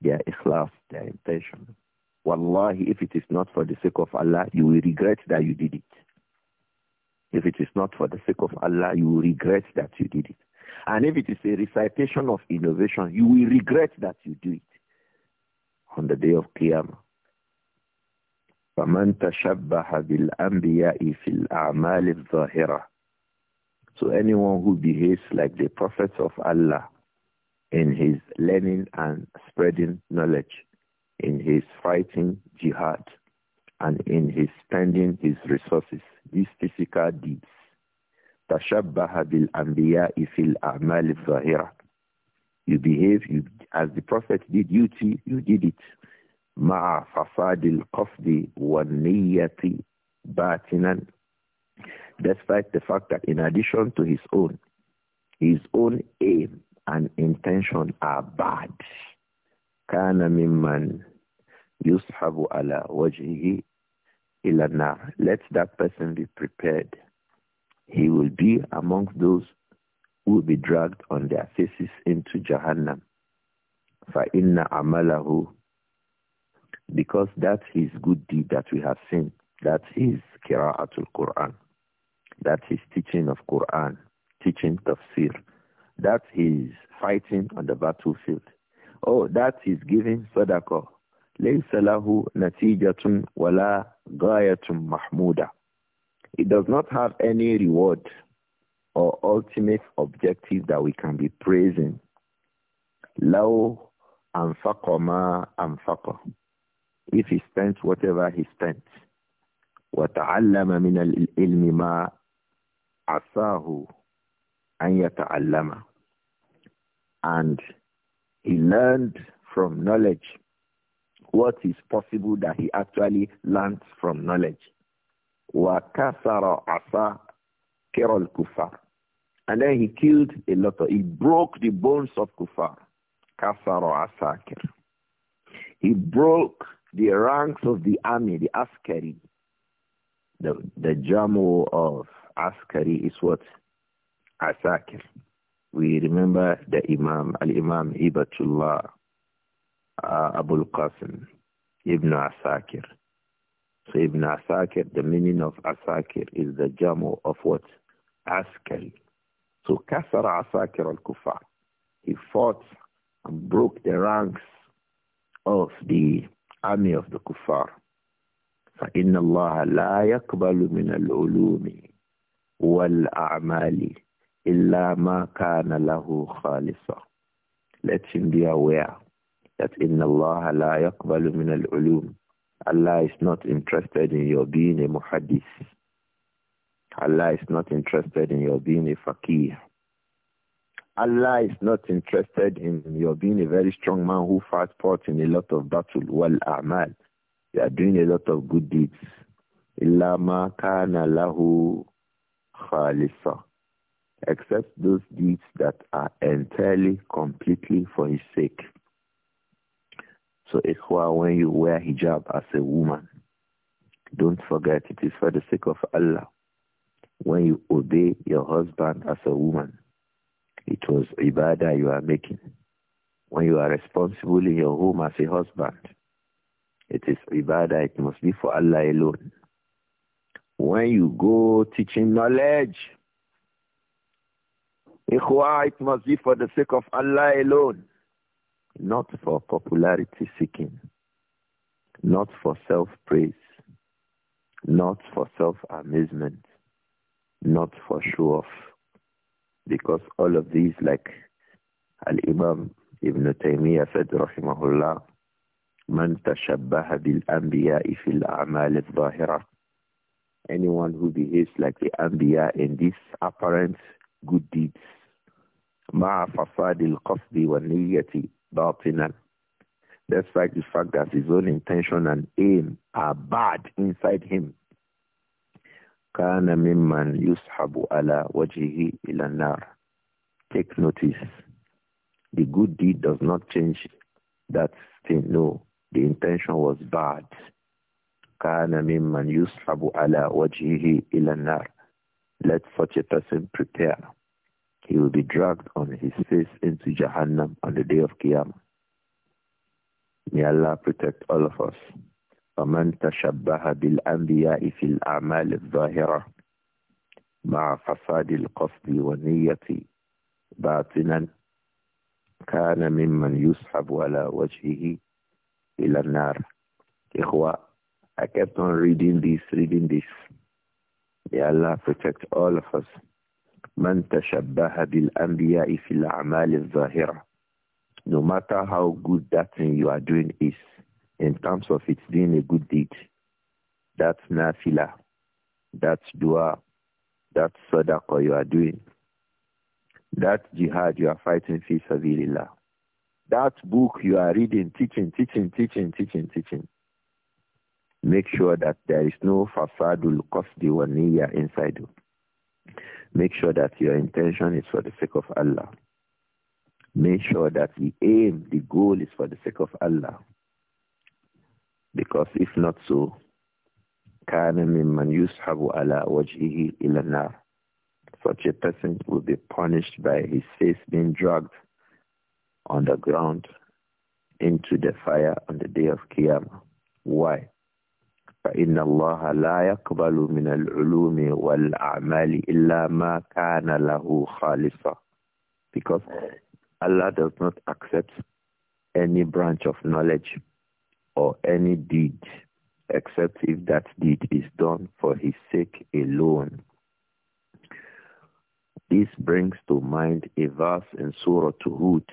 S1: their ikhlas, their intention. Wallahi, if it is not for the sake of Allah, you will regret that you did it. If it is not for the sake of Allah, you will regret that you did it. And if it is a recitation of innovation, you will regret that you do it on the day of Qiyamah. فَمَنْ تَشَبَّهَ بِالْأَنْبِيَاءِ فِي الْأَعْمَالِ الظَّاهِرَةِ So anyone who behaves like the prophets of Allah in his learning and spreading knowledge, in his fighting jihad, and in his spending his resources, these physical deeds, تَشَبَّهَ بِالْأَنْبِيَاءِ فِي الْأَعْمَالِ الظَّاهِرَةِ You behave you, as the prophet did, you, you did it. مع فساد القصد والنية باتنا despite the fact that in addition to his own, his own aim and intention are bad. كان ممن يسحب على وجهه إلى النار. Let that person be prepared. He will be among those who will be dragged on their faces into Jahannam. فإن عمله because that's his good deed that we have seen. That's his Qira'atul Quran. That's his teaching of Quran, teaching tafsir. That's his fighting on the battlefield. Oh, that is giving sadaqah. ليس له نتيجة ولا غاية محمودة. It does not have any reward or ultimate objective that we can be praising. لو أنفق ما أنفقه if he spent whatever he spent. وتعلم من الالْمِ ما عساه أن يتعلم. And he learned from knowledge what is possible that he actually learned from knowledge. وكسر عصا كر الكفار. And then he killed a lot of, he broke the bones of kufar. Kasaro كر. He broke the ranks of the army, the askari, the, the jamu of askari is what? Asakir. We remember the Imam, Al-Imam Ibatullah uh, al Qasim, Ibn Asakir. So Ibn Asakir, the meaning of Asakir is the jamu of what? Askari. So Kasara Asakir al-Kufar. He fought and broke the ranks of the army of the kuffar. فإن الله لا يقبل من العلوم والأعمال إلا ما كان له خالصا. Let him be aware that إن الله لا يقبل من العلوم. Allah is not interested in your being a muhadith Allah is not interested in your being a faqih. Allah is not interested in your being a very strong man who fights part in a lot of battle. Well, amal. You are doing a lot of good deeds. Illa ma kana lahu khalisa. Except those deeds that are entirely, completely for his sake. So ikhwa, when you wear hijab as a woman, don't forget it is for the sake of Allah. When you obey your husband as a woman, it was ibadah you are making. When you are responsible in your home as a husband, it is ibadah. It must be for Allah alone. When you go teaching knowledge, it must be for the sake of Allah alone, not for popularity seeking, not for self-praise, not for self-amazement, not for show-off. Because all of these, like Al-Imam Ibn Taymiyyah said, rahimahullah, من تشبه بالأنبياء في الأعمال الظاهرة Anyone who behaves like the Anbiya in these apparent good deeds مع فساد القصد والنية باطنا Despite the fact that his own intention and aim are bad inside him كان ممن يسحب على وجهه إلى النار. Take notice. The good deed does not change that thing. No, the intention was bad. كان ممن يسحب على وجهه إلى النار. Let such a person prepare. He will be dragged on his face into Jahannam on the day of Qiyamah. May Allah protect all of us. فمن تشبه بالأنبياء في الأعمال الظاهرة مع فساد القصد والنية باطنا كان ممن يسحب على وجهه إلى النار إخوة I kept on reading this, reading this. May Allah protect all of us. من تشبه بالأنبياء في الأعمال الظاهرة No matter how good that thing you are doing is, in terms of its being a good deed. That nafila, that dua, that sadaqah you are doing, that jihad you are fighting fi sabilillah, that book you are reading, teaching, teaching, teaching, teaching, teaching. Make sure that there is no fasadul qasdi wa niyya inside you. Make sure that your intention is for the sake of Allah. Make sure that the aim, the goal is for the sake of Allah because if not so, Such a person will be punished by his face being dragged on the ground into the fire on the day of Qiyamah. Why? فإن الله لا يقبل من العلوم والأعمال إلا ما كان له خالصا because Allah does not accept any branch of knowledge or any deed except if that deed is done for his sake alone. This brings to mind a verse in Surah Hud.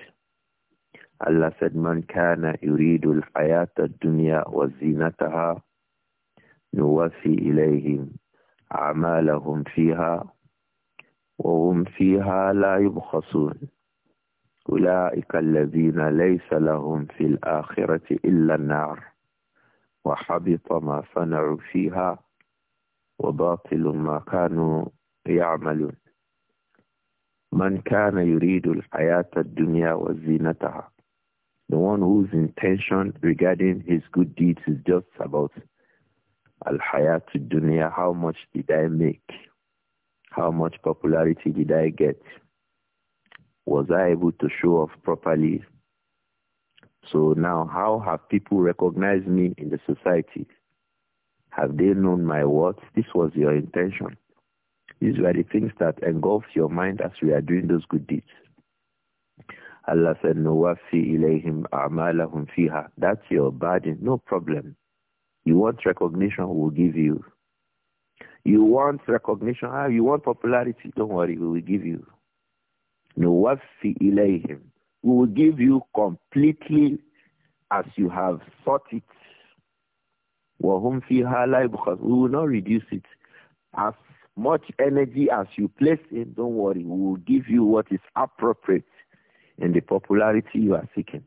S1: Allah said, Man kana yuridul hayata dunya wa zinataha nuwafi ilayhim a'malahum fiha wa hum fiha la yubkhasun. أولئك الذين ليس لهم في الآخرة إلا النار وحبط ما صنعوا فيها وباطل ما كانوا يعملون من كان يريد الحياة الدنيا وزينتها The one whose intention regarding his good deeds is just about Al-Hayat dunya how much did I make? How much popularity did I get? Was I able to show off properly? So now, how have people recognized me in the society? Have they known my worth? This was your intention. These were the things that engulf your mind as we are doing those good deeds. Allah said, Nuwafi ilayhim a'malahum fiha. That's your burden. No problem. You want recognition, we'll give you. You want recognition, ah, you want popularity, don't worry, we will give you. Nuwafi ilayhim. We will give you completely as you have sought it. Wahum fiha because We will not reduce it. As much energy as you place in, don't worry. We will give you what is appropriate in the popularity you are seeking,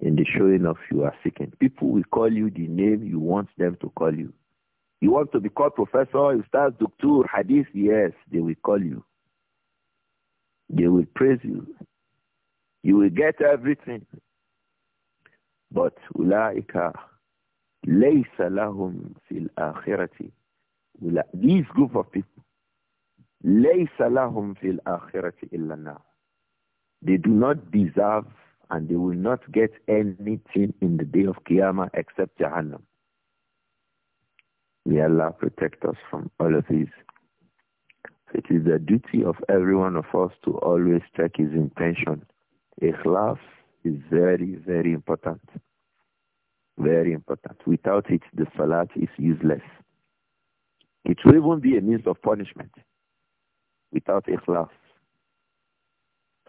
S1: in the showing of you are seeking. People will call you the name you want them to call you. You want to be called professor, you start doctor, hadith, yes, they will call you. They will praise you. You will get everything. But ulaika laysa lahum fil akhirati. These group of people laysa lahum fil akhirati illa now. They do not deserve and they will not get anything in the day of Qiyamah except Jahannam. May Allah protect us from all of these it is the duty of every one of us to always check his intention. Ikhlas is very, very important. Very important. Without it, the salat is useless. It will even be a means of punishment without ikhlas.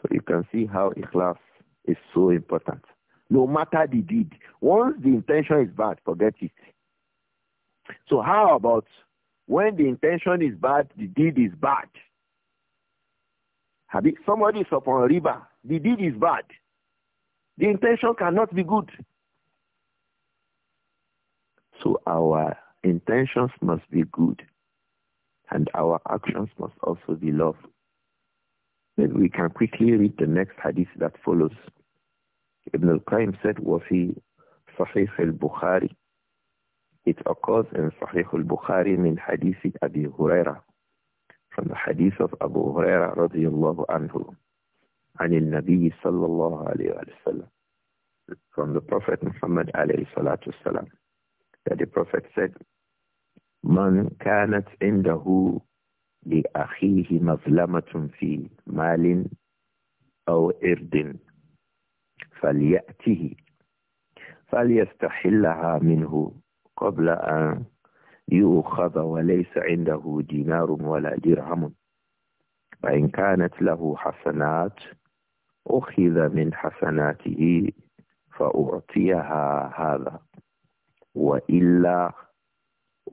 S1: So you can see how ikhlas is so important. No matter the deed, once the intention is bad, forget it. So how about when the intention is bad, the deed is bad. Somebody is upon river. The deed is bad. The intention cannot be good. So our intentions must be good and our actions must also be love. Then we can quickly read the next hadith that follows. Ibn al-Qayyim said, وفي Al Bukhari." It occurs in Sahih al-Bukhari min hadith Abi Huraira from the hadith of Abu Huraira radiyallahu anhu عن النبي صلى الله عليه وسلم from the Prophet Muhammad عليه الصلاة والسلام that the Prophet said من كانت عنده لأخيه مظلمة في مال أو إرد فليأته فليستحلها منه قبل أن يؤخذ وليس عنده دينار ولا درهم فإن كانت له حسنات أخذ من حسناته فأعطيها هذا وإلا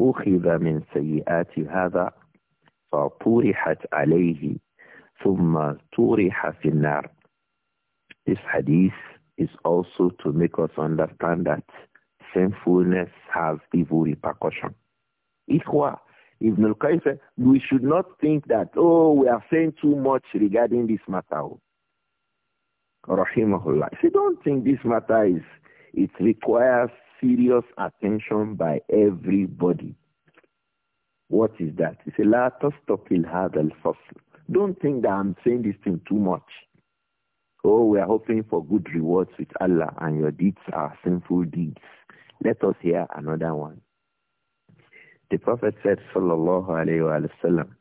S1: أخذ من سيئات هذا فطرحت عليه ثم طرح في النار This hadith is also to make us understand that sinfulness has evil repercussion. Ikhwa, Ibn al-Qayyim said, we should not think that, oh, we are saying too much regarding this matter. Rahimahullah. See, don't think this matter is, it requires serious attention by everybody. What is that? He said, La tastokil hadal fasl. Don't think that I'm saying this thing too much. Oh, we are hoping for good rewards with Allah and your deeds are sinful deeds. Let us hear another one. The Prophet said, Sallallahu Alaihi Wasallam,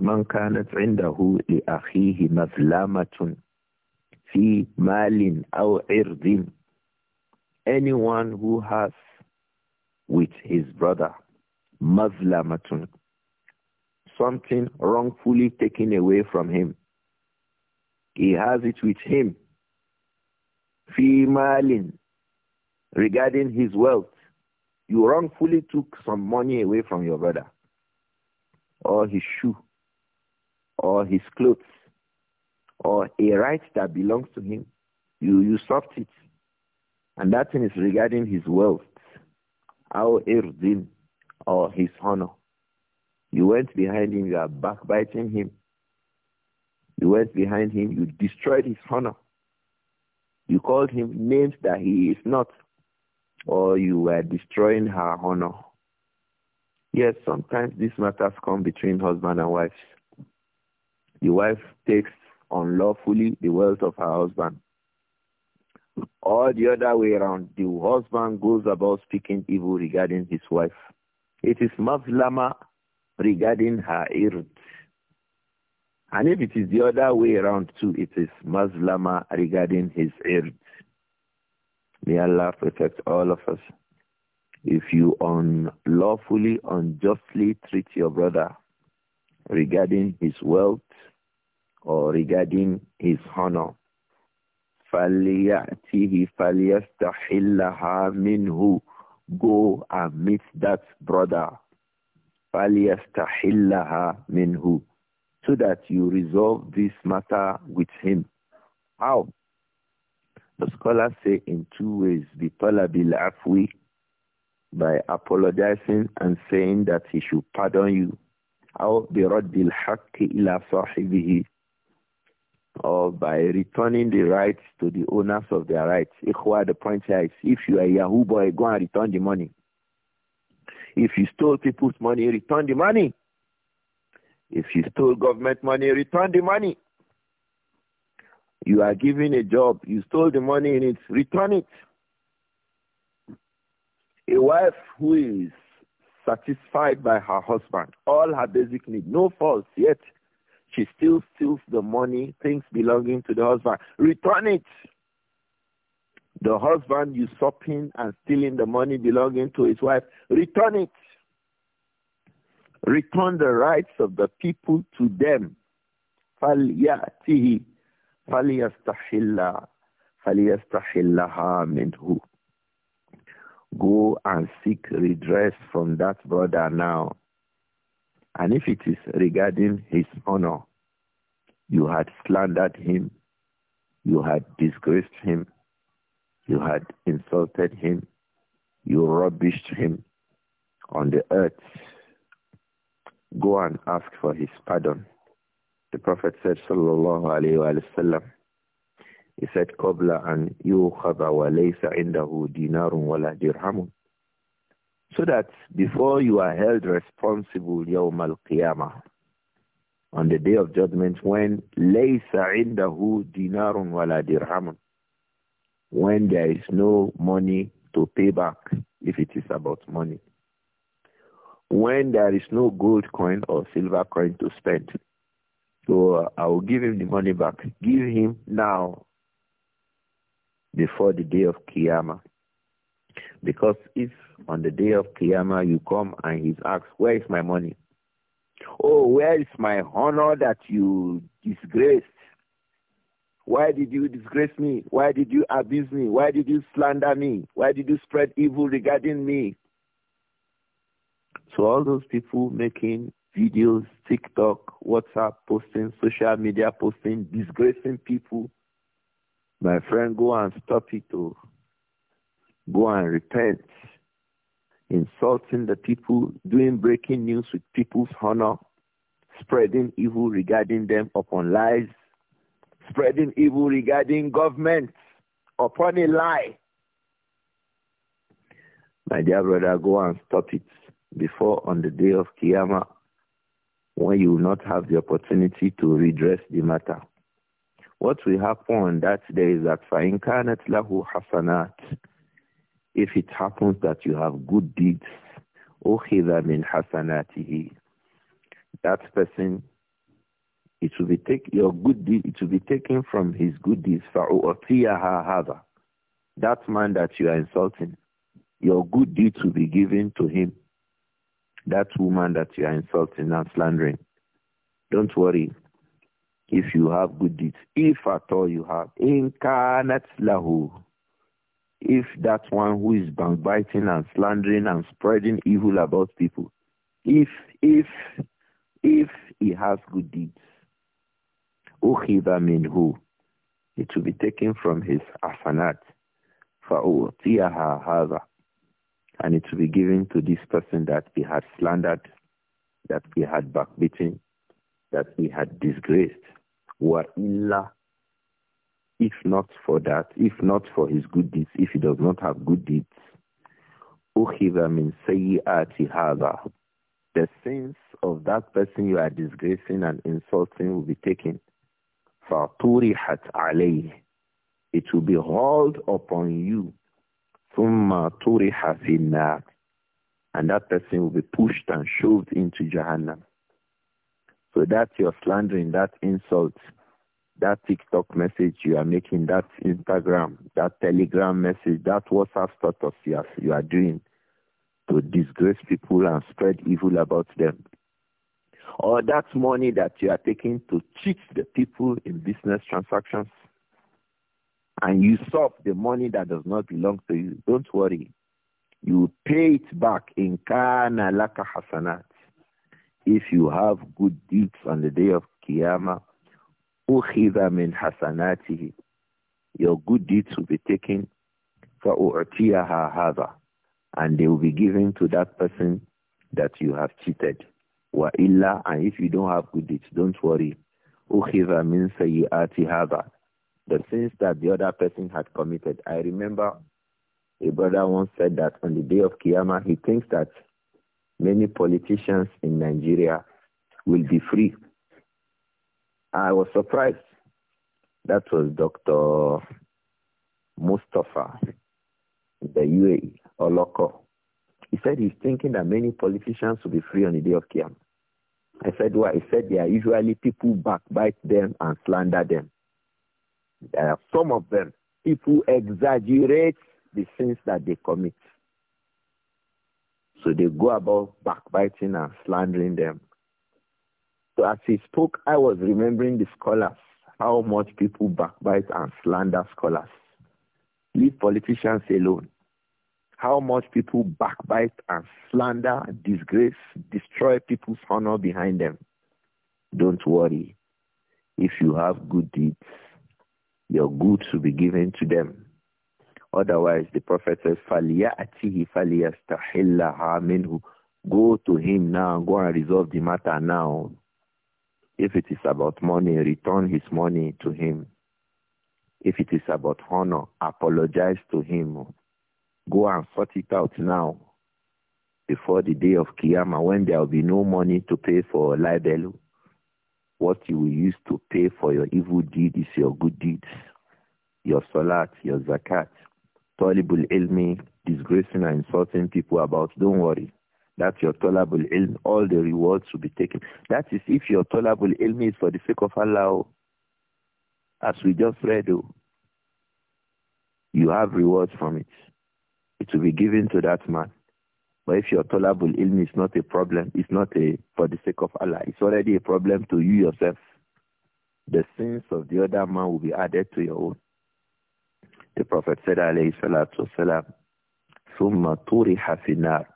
S1: من كانت عنده لأخيه مظلمة في مال أو عرض Anyone who has with his brother مظلمة something wrongfully taken away from him. He has it with him. في مال regarding his wealth. You wrongfully took some money away from your brother, or his shoe, or his clothes, or a right that belongs to him. You usurped it. And that thing is regarding his wealth, our irdin, or his honor. You went behind him, you are backbiting him. You went behind him, you destroyed his honor. You called him names that he is not or you were destroying her honor. Yes, sometimes these matters come between husband and wife. The wife takes unlawfully the wealth of her husband. Or the other way around, the husband goes about speaking evil regarding his wife. It is mazlama regarding her ird. And if it is the other way around too, it is mazlama regarding his ird. May Allah protect all of us. If you unlawfully, unjustly treat your brother regarding his wealth or regarding his honor, فَلْيَأْتِهِ فَلْيَسْتَحِلَّهَا مِنْهُ Go and meet that brother. فَلْيَسْتَحِلَّهَا مِنْهُ So that you resolve this matter with him. How? The scholars say in two ways, the left afwi, by apologizing and saying that he should pardon you, or haqqi ila sahibihi, or by returning the rights to the owners of their rights. Ikhwa, the point here is, if you are a Yahoo boy, go and return the money. If you stole people's money, return the money. If you stole government money, return the money. You are given a job. You stole the money in it. Return it. A wife who is satisfied by her husband, all her basic needs, no faults, yet she still steals the money, things belonging to the husband. Return it. The husband usurping and stealing the money belonging to his wife. Return it. Return the rights of the people to them. فَلْيَأْتِهِ فَلْيَسْتَحِلَّ فَلْيَسْتَحِلَّهَا مِنْهُ Go and seek redress from that brother now. And if it is regarding his honor, you had slandered him, you had disgraced him, you had insulted him, you rubbished him on the earth. Go and ask for his pardon. The Prophet said, sallallahu alayhi Wasallam." he said, قَبْلَ أَنْ يُوْخَبَ وَلَيْسَ عِنْدَهُ دِينَارٌ وَلَا دِرْهَمٌ So that before you are held responsible يَوْمَ الْقِيَامَةِ on the day of judgment when لَيْسَ عِنْدَهُ دِينَارٌ وَلَا دِرْهَمٌ when there is no money to pay back if it is about money. When there is no gold coin or silver coin to spend so I will give him the money back. Give him now before the day of Kiyama. Because if on the day of Kiyama you come and he asks, where is my money? Oh, where is my honor that you disgraced? Why did you disgrace me? Why did you abuse me? Why did you slander me? Why did you spread evil regarding me? So all those people making videos, TikTok, WhatsApp posting, social media posting, disgracing people. My friend, go and stop it. Oh. Go and repent. Insulting the people, doing breaking news with people's honor, spreading evil regarding them upon lies, spreading evil regarding government upon a lie. My dear brother, go and stop it before on the day of Qiyamah when you will not have the opportunity to redress the matter. What will happen on that day is that for كَانَتْ لَهُ حَسَنَاتٍ If it happens that you have good deeds, أُخِذَ مِنْ حَسَنَاتِهِ That person, it will be take, your good deed, it will be taken from his good deeds. فَأُعْطِيَهَا هَذَا That man that you are insulting, your good deeds will be given to him that woman that you are insulting and slandering. Don't worry if you have good deeds, if at all you have. Incarnate lahu. If that one who is backbiting and slandering and spreading evil about people, if, if, if he has good deeds, ukhidha minhu. It will be taken from his asanat. فَأُعْطِيَهَا هَذَا and it will be given to this person that he had slandered, that he had backbiting, that he had disgraced. Wa'illa, if not for that, if not for his good deeds, if he does not have good deeds, ukhidha min sayyi'ati hadha. The sins of that person you are disgracing and insulting will be taken. فَطُورِحَتْ alayhi. It will be hauled upon you ثُمَّ طُرِحَ فِي النَّارِ And that person will be pushed and shoved into Jahannam. So that your slandering, that insult, that TikTok message you are making, that Instagram, that Telegram message, that WhatsApp status you are doing to disgrace people and spread evil about them. Or that money that you are taking to cheat the people in business transactions and usurp the money that does not belong to you, don't worry. You pay it back in kana laka hasanat. If you have good deeds on the day of Qiyamah, ukhidha min hasanatihi. Your good deeds will be taken for فَأُعْتِيَهَا هَذَا And they will be given to that person that you have cheated. illa, And if you don't have good deeds, don't worry. أُخِذَ min سَيِّئَاتِ هَذَا the sins that the other person had committed. I remember a brother once said that on the day of Kiyama, he thinks that many politicians in Nigeria will be free. I was surprised. That was Dr. Mustafa in the UAE, or local. He said he's thinking that many politicians will be free on the day of Kiyama. I said, why? Well, he said, there are usually people backbite them and slander them. There are some of them, people exaggerate the sins that they commit. So they go about backbiting and slandering them. So as he spoke, I was remembering the scholars, how much people backbite and slander scholars. Leave politicians alone. How much people backbite and slander, disgrace, destroy people's honor behind them. Don't worry. If you have good deeds, your goods will be given to them. Otherwise, the Prophet says, فَلْيَأْتِهِ فَلْيَسْتَحِلَّهَا مِنْهُ Go to him now. Go and resolve the matter now. If it is about money, return his money to him. If it is about honor, apologize to him. Go and sort it out now before the day of Qiyamah when there will be no money to pay for libel what you will use to pay for your evil deed is your good deeds, your salat, your zakat. tolerable ilmi, disgracing and insulting people about, don't worry. That's your tolerable ilm. All the rewards will be taken. That is if your tolerable ilm is for the sake of Allah. Oh. As we just read, oh, you have rewards from it. It will be given to that man. But if your tolerable illness is not a problem, it's not a for the sake of Allah. It's already a problem to you yourself. The sins of the other man will be added to your own. The Prophet said, alayhi salatu wasalam, summa turiha finar.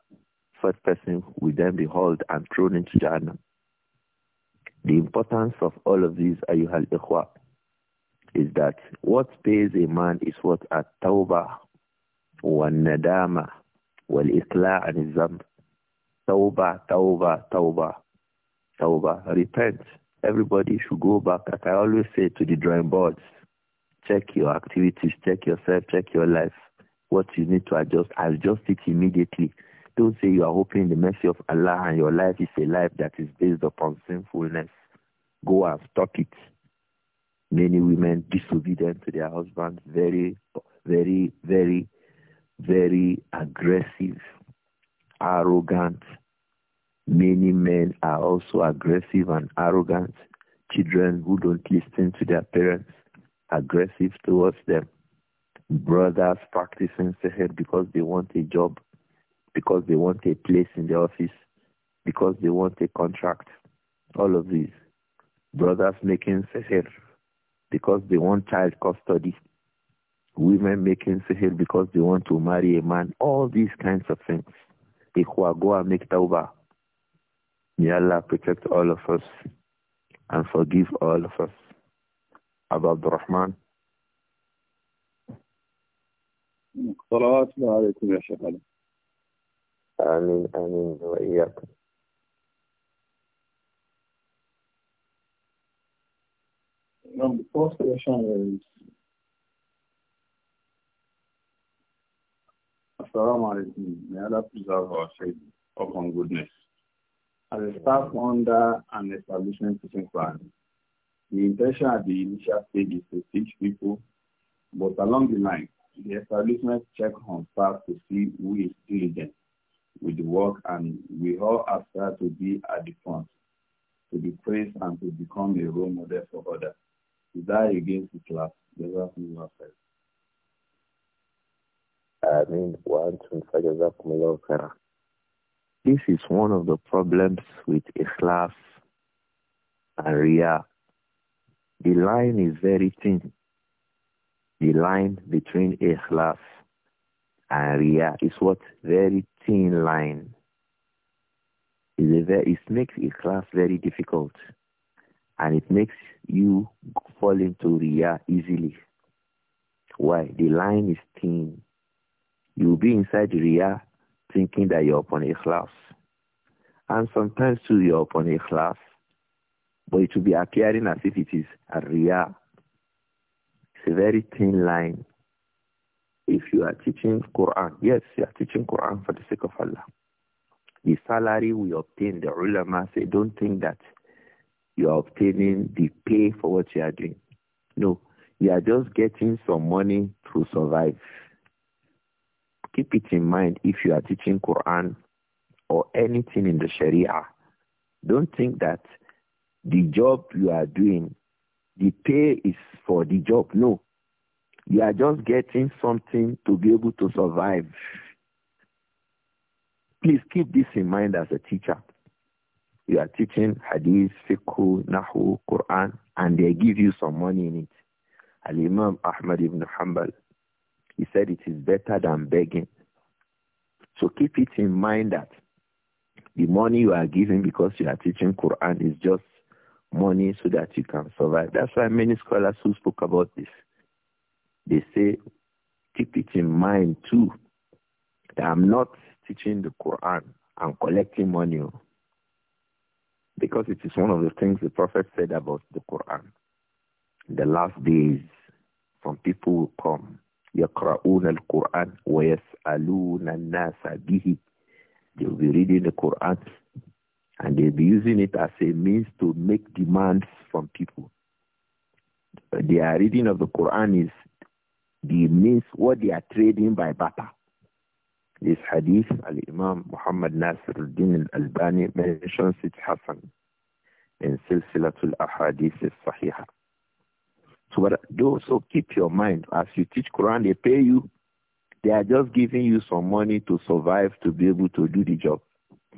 S1: First person will then be hauled and thrown into Jahannam. The importance of all of these, ayuhal ikhwa, is that what pays a man is what at-tawbah wa nadama والإقلاع عن الذنب توبة توبة توبة توبة repent everybody should go back like I always say to the drawing boards check your activities check yourself check your life what you need to adjust adjust it immediately don't say you are hoping the mercy of Allah and your life is a life that is based upon sinfulness go and stop it many women disobedient to their husbands very very very very aggressive, arrogant. Many men are also aggressive and arrogant. Children who don't listen to their parents, aggressive towards them. Brothers practicing seher because they want a job, because they want a place in the office, because they want a contract. All of these. Brothers making seher because they want child custody women making sihir because they want to marry a man, all these kinds of things. Ikhwa, goa make tawbah. May Allah protect all of us and forgive all of us. Abu Abdurrahman. صلواتنا عليكم يا شيخ علي آمين آمين وإياكم Now, the first question Assalamu alaikum. May Allah preserve our faith upon goodness. As a staff under an establishment teaching plan, the intention at the initial stage is to teach people, but along the line, the establishment check on staff to see who is diligent with the work and we all aspire to be at the front, to be praised and to become a role model for others. Is that against the class? Never think about This is one of the problems with Ikhlas and Riyah. The line is very thin. The line between Ikhlas and Riyah is what? Very thin line. It makes Ikhlas very difficult and it makes you fall into Riyah easily. Why? The line is thin. You will be inside Riyah thinking that you're upon a class, And sometimes too you're upon a class, but it will be appearing as if it is a Riyah. It's a very thin line. If you are teaching Quran, yes, you are teaching Quran for the sake of Allah. The salary we obtain, the ulama say, don't think that you are obtaining the pay for what you are doing. No, you are just getting some money to survive. Keep it in mind if you are teaching Quran or anything in the Sharia. Don't think that the job you are doing, the pay is for the job. No. You are just getting something to be able to survive. Please keep this in mind as a teacher. You are teaching Hadith, Fiqh, Nahu, Quran, and they give you some money in it. Al-Imam Ahmad ibn Hanbal he said it is better than begging. So keep it in mind that the money you are giving because you are teaching Quran is just money so that you can survive. That's why many scholars who spoke about this, they say keep it in mind too that I'm not teaching the Quran. I'm collecting money oh. because it is one of the things the Prophet said about the Quran. In the last days, some people will come يقرؤون القرآن ويسألون الناس به They'll be reading the Quran and they'll be using it as a means to make demands from people. Their reading of the Quran is the means what they are trading by barter. This hadith, Al-Imam Muhammad Nasir al-Din al-Albani mentions it Hassan in Silsilatul Ahadith al-Sahihah. So but do so keep your mind as you teach Quran, they pay you. They are just giving you some money to survive to be able to do the job.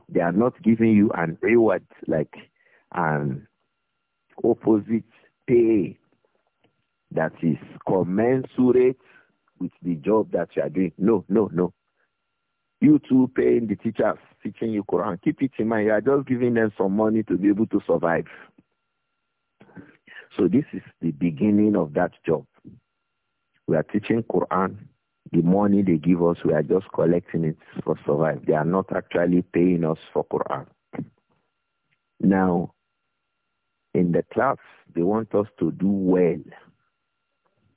S1: They are not giving you an reward like an opposite pay that is commensurate with the job that you are doing. No, no, no. You too paying the teachers teaching you Quran. Keep it in mind. You are just giving them some money to be able to survive. So this is the beginning of that job. We are teaching Quran. The money they give us, we are just collecting it for survive. They are not actually paying us for Quran. Now, in the class, they want us to do well.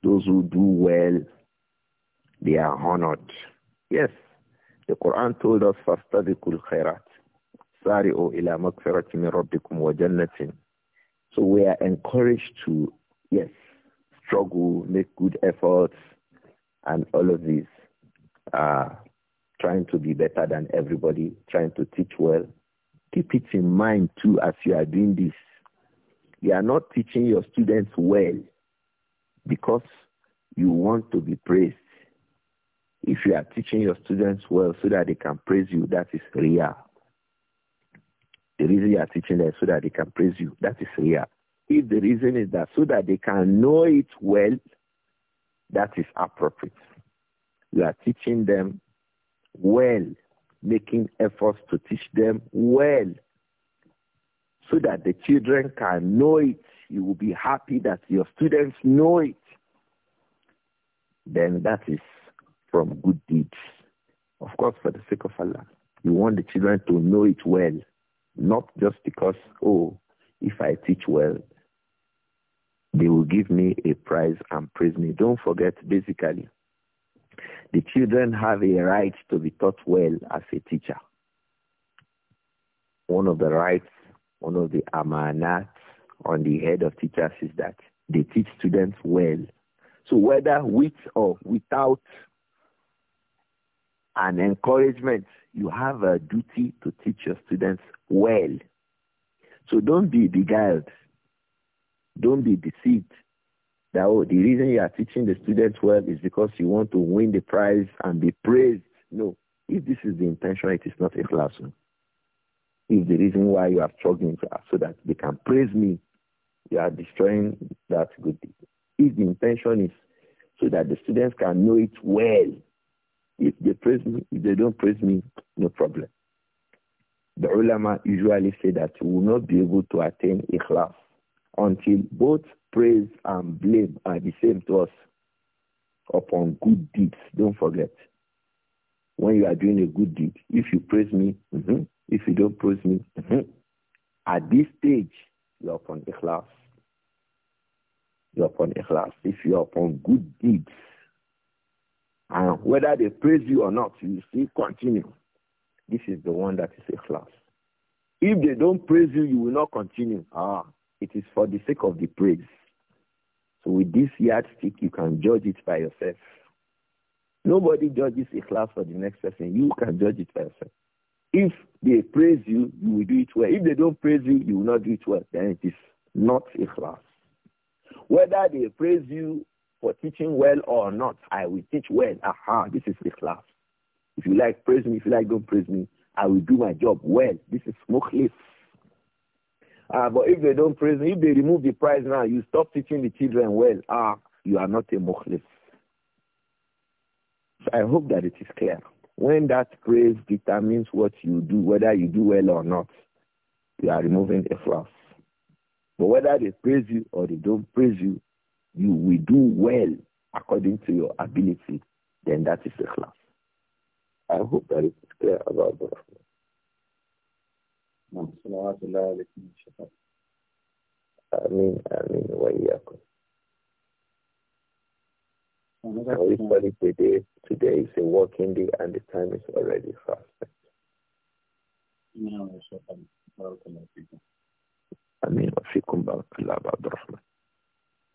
S1: Those who do well, they are honored. Yes, the Quran told us, فَاسْتَذِكُوا الْخَيْرَاتِ سَارِعُوا إِلَى مَغْفِرَةٍ مِنْ رَبِّكُمْ وَجَنَّةٍ so we are encouraged to, yes, struggle, make good efforts, and all of this, uh, trying to be better than everybody, trying to teach well. Keep it in mind too as you are doing this. You are not teaching your students well because you want to be praised. If you are teaching your students well so that they can praise you, that is real. The reason you are teaching them so that they can praise you, that is real. If the reason is that so that they can know it well, that is appropriate. You are teaching them well, making efforts to teach them well, so that the children can know it. You will be happy that your students know it. Then that is from good deeds. Of course, for the sake of Allah, you want the children to know it well. Not just because, oh, if I teach well, they will give me a prize and praise me. Don't forget, basically, the children have a right to be taught well as a teacher. One of the rights, one of the amanat on the head of teachers is that they teach students well. So whether with or without an encouragement, you have a duty to teach your students well. So don't be beguiled. Don't be deceived that, oh, the reason you are teaching the students well is because you want to win the prize and be praised. No. If this is the intention, it is not a classroom. If the reason why you are struggling so that they can praise me, you are destroying that good thing. If the intention is so that the students can know it well, if they praise me, if they don't praise me, no problem. The ulama usually say that you will not be able to attain ikhlas until both praise and blame are the same to us upon good deeds. Don't forget. When you are doing a good deed, if you praise me, mm -hmm. if you don't praise me, mm -hmm. at this stage, you're upon ikhlas. You're upon ikhlas. If you're upon good deeds, and whether they praise you or not, you still continue. This is the one that is a class. If they don't praise you, you will not continue. Ah, it is for the sake of the praise. So with this yardstick, you can judge it by yourself. Nobody judges a class for the next person. You can judge it by yourself. If they praise you, you will do it well. If they don't praise you, you will not do it well. Then it is not a class. Whether they praise you for teaching well or not, I will teach well. Aha, this is the class. If you like, praise me. If you like, don't praise me. I will do my job well. This is smokeless. Uh, ah, but if they don't praise me, if they remove the prize now, you stop teaching the children well. Ah, you are not a mukhlis. So I hope that it is clear. When that praise determines what you do, whether you do well or not, you are removing a flaw. But whether they praise you or they don't praise you, you will do well according to your ability, then that is class. I hope that is clear about the آمين آمين وإياكم. Everybody today, today is a working day and the time is already fast. آمين وفيكم بارك الله عبد rahman.